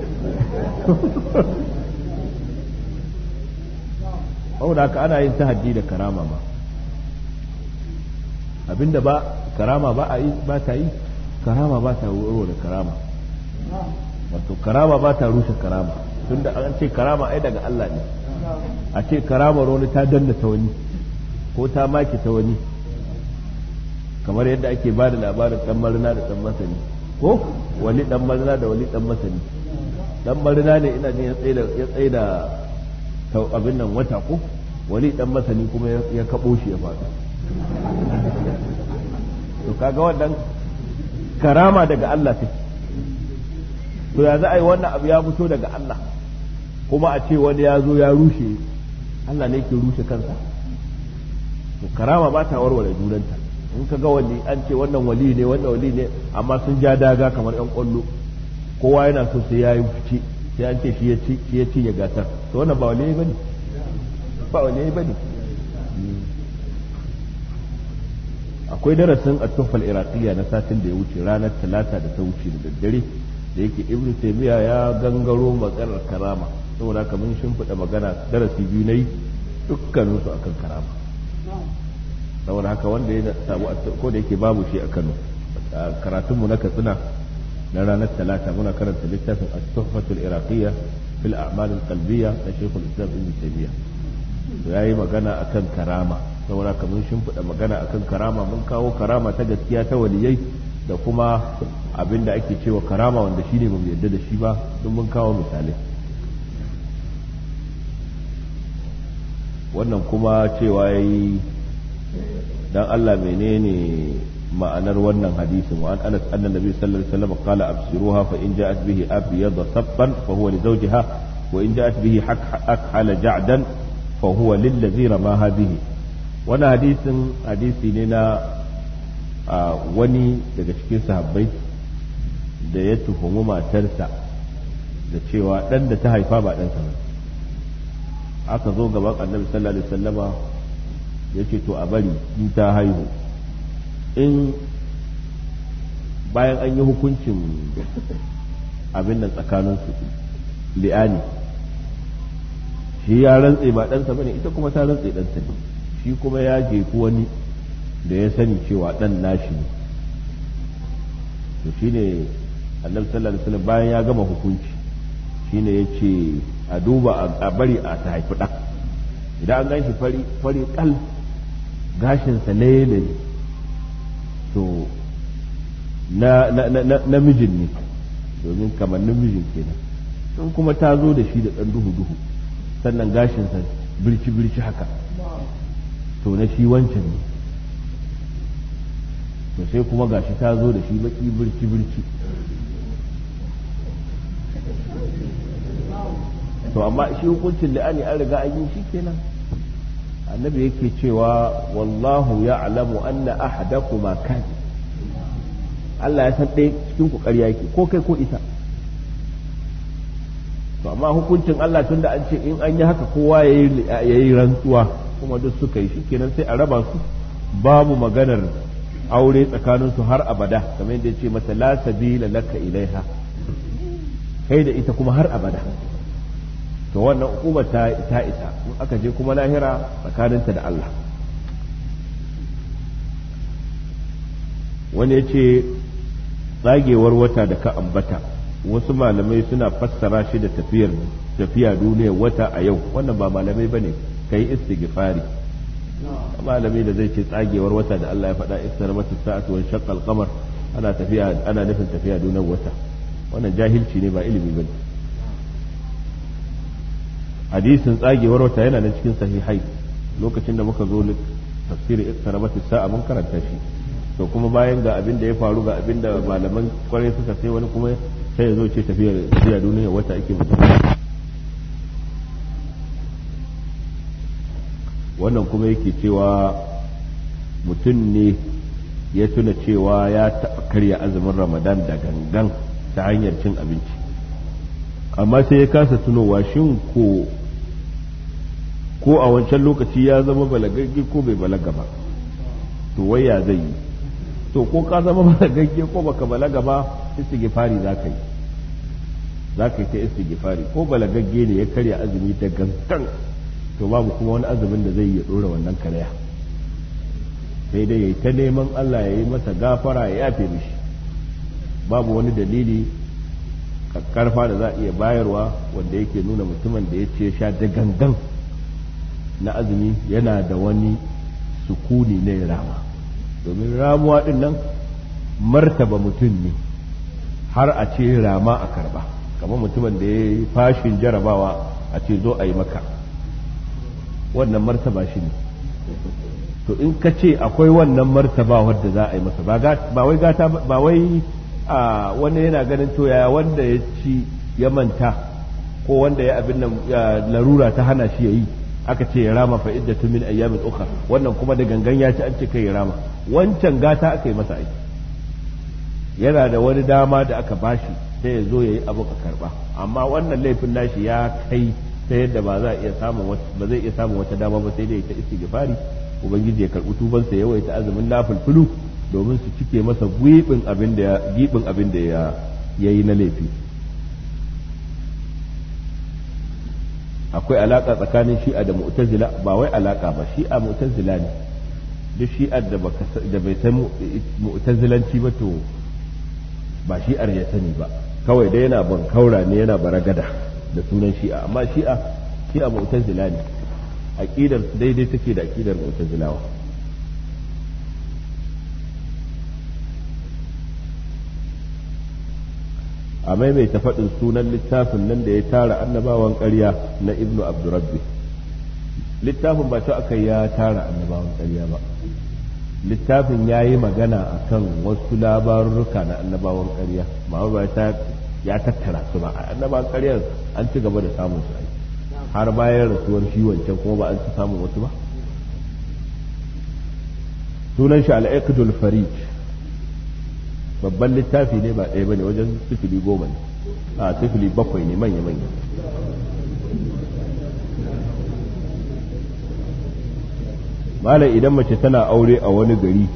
saboda haka ana yin tahaddi da karama ba abinda ba karama ba a yi ba ta yi karama ba ta wuro da karama wato karama ba ta rushe karama tunda an ce karama ai daga Allah ne a ce karamar wani ta danna ta wani ko ta maki ta wani kamar yadda ake ba da labarin dan marina da dan masani ko wani dan marina da wani dan masani dan marina ne ina jin ya tsaye da abin nan wata ko wani dan masani kuma ya kabo shi ya faɗo to kaga wannan karama daga Allah take to ya za a yi wannan abu ya fito daga Allah kuma a ce wani ya zo ya rushe Allah ne ke rushe kansa to karama ba ta warware junanta in ka ga wani an ce wannan wali ne wannan wali ne amma sun ja daga kamar yan kwallo kowa yana so sai ya yi fice sai an ce shi ya ci ya gasar to wannan ba wali bane ba wali bane akwai darasin at-tuhfal iraqiyya na satin da ya wuce ranar talata da ta wuce da daddare da yake ibnu taymiya ya gangaro matsalar karama saboda haka mun shimfiɗa magana darasi biyu na yi dukkaninsu a karama saboda haka wanda ya samu ko da yake babu shi a kano karatunmu na katsina na ranar talata muna karanta littafin as-tuhfatul iraqiyya fil a'mal qalbiyya na shaykhul islam ibn taymiyyah ya yi magana akan karama saboda haka mun shimfiɗa magana akan karama mun kawo karama ta gaskiya ta waliyai da kuma abin da ake cewa karama wanda shine ba mu yarda da shi ba don mun kawo misalai wannan kuma cewa yayi dan Allah menene ma'anar wannan hadisin wa an anas anna nabi sallallahu alaihi wasallam qala absiruha fa in ja'at bihi abyad saffan fa huwa li zawjiha wa in ja'at bihi akhala ja'dan fa huwa lil ladhi ramaha bihi wannan hadisin hadisi ne na wani daga cikin sahabbai da ya tuhumi matarsa da cewa dan da ta haifa ba dan sa ba aka zo gaban annabi sallallahu alaihi wasallama yace to a bari in ta haihu in bayan an yi hukuncin abin nan tsakanin su li'ani shi ya rantse ba ɗansa bane ita kuma ta rantse ɗansa ne shi kuma ya jefi wani da ya sani cewa ɗan nashi ne to shine annabi sallallahu alaihi wasallam bayan ya gama hukunci shine yace a duba a bari a ta haifi ɗan idan an ganshi fari fari ƙal gashinsa lailai to na namijin ne domin kamar namijin kenan sun kuma ta zo da shi da ɗan duhu duhu sannan gashinsa birci birci haka to na shi wancan ne to sai kuma gashi ta zo da shi baki birci birci to amma shi hukuncin da an riga an yi shi kenan annabi yake cewa wallahu ya'lamu anna ahadakuma kadhib Allah ya san ɗaya cikin ku ƙarya yake ko kai ko ita to amma hukuncin Allah tunda an ce in an yi haka kowa ya yi rantsuwa kuma duk suka yi shikenan sai a raba su babu maganar aure tsakanin su har abada kamar yadda ya ce mata la sabila laka ilaiha kai da ita kuma har abada to wannan ukuba ta isa in aka je kuma lahira tsakaninta da Allah wani ya ce tsagewar wata da ka ambata wasu malamai suna fassara shi da tafiyar tafiya duniya wata a yau wannan ba malamai bane kai istighfari malami da zai ce tsagewar wata da Allah ya faɗa istar mata sa'atu wa shaqqal ana nufin tafiya duniyar wata wannan jahilci ne ba ilimi ne. hadisin tsagewar wata yana nan cikin sahihai lokacin da muka zo tafsirin iktarabati sa'a mun karanta shi to kuma bayan ga abin da ya faru ga abin da malaman kwarai suka sai wani kuma sai ya zo ce tafiyar tafiya duniya wata ake mutum wannan kuma yake cewa mutum ne ya tuna cewa ya taɓa karya azumin ramadan da gangan ta hanyar cin abinci amma sai ya kasa tunowa shin ko ko a wancan lokaci ya zama balagagge ko bai balaga ba to wai ya zai yi to ko ka zama balagagge ko baka balaga ba istighfari za ka yi za ka yi ta istighfari ko balagagge ne ya karya azumi da gangan to babu kuma wani azumin da zai ya dora wannan karya sai dai yayi ta neman Allah ya yi masa gafara ya yafe mishi babu wani dalili karfa da za a iya bayarwa wanda yake nuna mutumin da ya ce sha da gangan na azumi yana da wani sukuni na rama domin ramuwa din nan martaba mutum ne har a ce rama a karba kamar mutumin da ya yi fashin jarabawa a ce zo a yi maka wannan martaba shi ne to in ka ce akwai wannan martaba wadda za a yi masa ba wai gata ba wai a wanda yana ganin to yaya wanda ya ci ya manta ko wanda ya abin nan larura ta hana shi ya yi aka ce ya rama fa iddatu min ayyamin ukhra wannan kuma da gangan ya ci an ce kai ya rama wancan gata aka yi masa aiki yana da wani dama da aka bashi sai ya zo yayi yi abu a karba amma wannan laifin nashi ya kai ta yadda ba za iya samun ba zai iya samun wata dama ba sai dai ta istighfari ubangiji ya karbi tuban sa yawaita azumin fulu domin su cike masa gibin abin da gibin abin da ya yayi na laifi akwai alaka tsakanin shi'a da mu'tazila ba wai alaka ba shi'a mu'tazila ne duk shi'a da bai san mu'tazilanci ba to ba shi'ar ya sani ba kawai dai yana ban kaura ne yana baragada da sunan shi'a amma shi'a shi'a mu'tazila ne aqidar daidai take da aqidar mu'tazilawa a maimaita faɗin sunan littafin nan da ya tara annabawan ƙarya na ibnu Abdurrabbi littafin ba ta aka ya tara annabawan ƙarya ba littafin ya yi magana a kan wasu labarurruka na annabawan ƙarya ma'amma ya tattara su ba annabawan ƙaryar an ci gaba da samun su ai har bayan rasuwar shi wancan kuma ba an ci samun wasu ba sunan shi al-iqdul babban littafi ne ba ɗaya bane wajen sifili goma ne a sifili bakwai ne manya manya malam idan mace tana aure a wani gari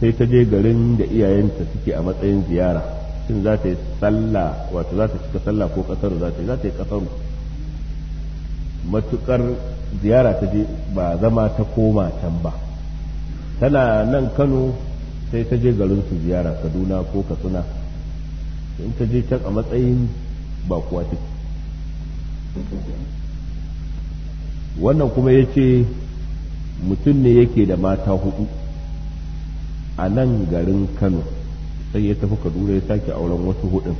sai ta je garin da iyayenta suke a matsayin ziyara shin za ta yi sallah wato za ta cika sallah ko kasaru za ta yi za ta yi kasaru matukar ziyara ta je ba zama ta koma can ba tana nan kano sai ta je garin su ziyara kaduna ko katsina in ta je can a matsayin ba kuwa take wannan kuma ya ce mutum ne yake da mata hudu a nan garin kano sai ya tafi kaduna ya sake auren wasu hudun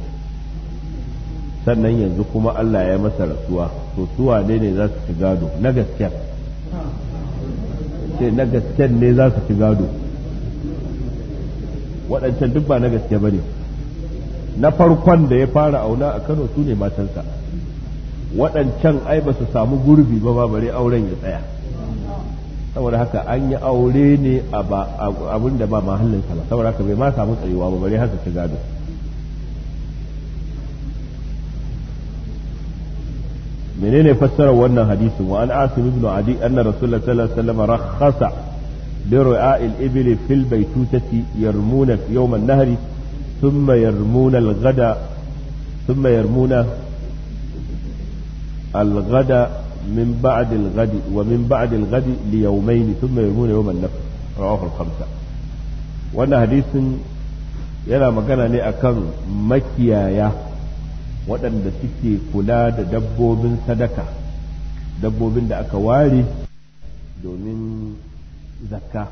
sannan yanzu kuma allah ya masa rasuwa to suwa ne ne za su ci gado na gasken ce ne za su ci gado waɗancan duk ba na gaske ba ne na farkon da ya fara auna a Kano su ne matansa waɗancan ai ba su samu gurbi ba ba bare auren ya tsaya saboda haka an yi aure ne abin da ba mahallinsa ba saboda haka bai ma samu tsayuwa ba bare haka ta gado menene fassarar wannan hadisin wa an asim ibn adi anna rasulullah sallallahu alaihi wasallam rakhasa برعاء الإبل في البيتوتة يرمون في يوم النهر ثم يرمون الغد ثم يرمون الغد من بعد الغد ومن بعد الغد ليومين ثم يرمون يوم النفر رواه الخمسة وانا حديث yana magana ne akan makiyaya waɗanda suke kula da dabbobin sadaka dabbobin da aka ware domin zakka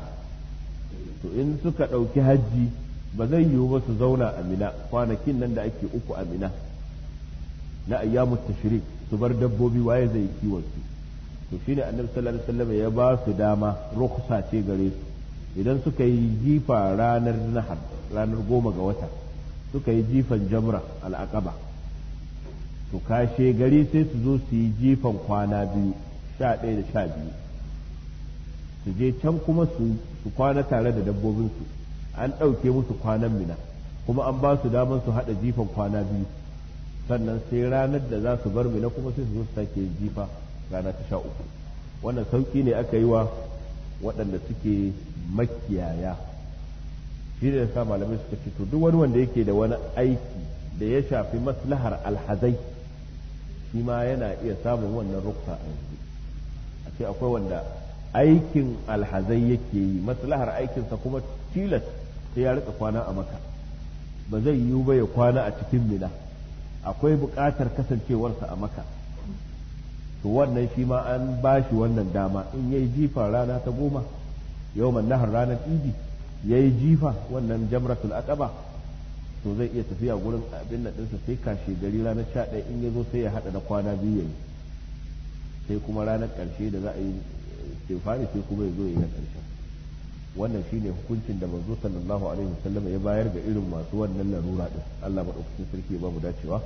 to in suka ɗauki hajji ba zai yiwu ba su zauna a mina kwanakin nan da ake uku a mina na ayyamu tashrik su bar dabbobi waye zai kiwon su to shine annabi sallallahu alaihi wasallam ya ba su dama rukhsa ce gare su idan suka yi jifa ranar nahar ranar goma ga wata suka yi jifan jamra al'aqaba to kashe gari sai su zo su yi jifan kwana biyu sha ɗaya da sha biyu su je can kuma su kwana tare da dabbobinsu an ɗauke musu kwanan mina kuma an ba su damar su haɗa jifan kwana biyu sannan sai ranar da za su bar mina kuma sai su zo su sake jifa rana ta sha uku wannan sauƙi ne aka yi wa waɗanda suke makiyaya shi da sa malamai suka ce duk wani wanda yake da wani aiki da ya shafi maslahar alhazai shi ma yana iya samun wannan rukta a yanzu a ce akwai wanda aikin alhazai yake yi maslahar aikinsa kuma tilas sai ya rika kwana a maka ba zai yiwu ba ya kwana a cikin mina akwai buƙatar kasancewarsa a maka to wannan shi ma an ba shi wannan dama in yayi jifa rana ta goma yawman nahar ranar idi yayi jifa wannan jamratul aqaba to zai iya tafiya gurin abin nan ɗinsa sai kashe gari ranar sha ɗaya in ya zo sai ya haɗa da kwana biyu yayi sai kuma ranar ƙarshe da za a yi istighfari sai kuma ya zo ya ƙarshen wannan shine hukuncin da manzo sallallahu alaihi wasallam ya bayar ga irin masu wannan larura din Allah madaukakin sarki ya ba mu dacewa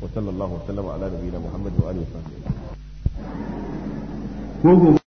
wa sallallahu alaihi wasallam ala nabiyina Muhammad wa alihi wasallam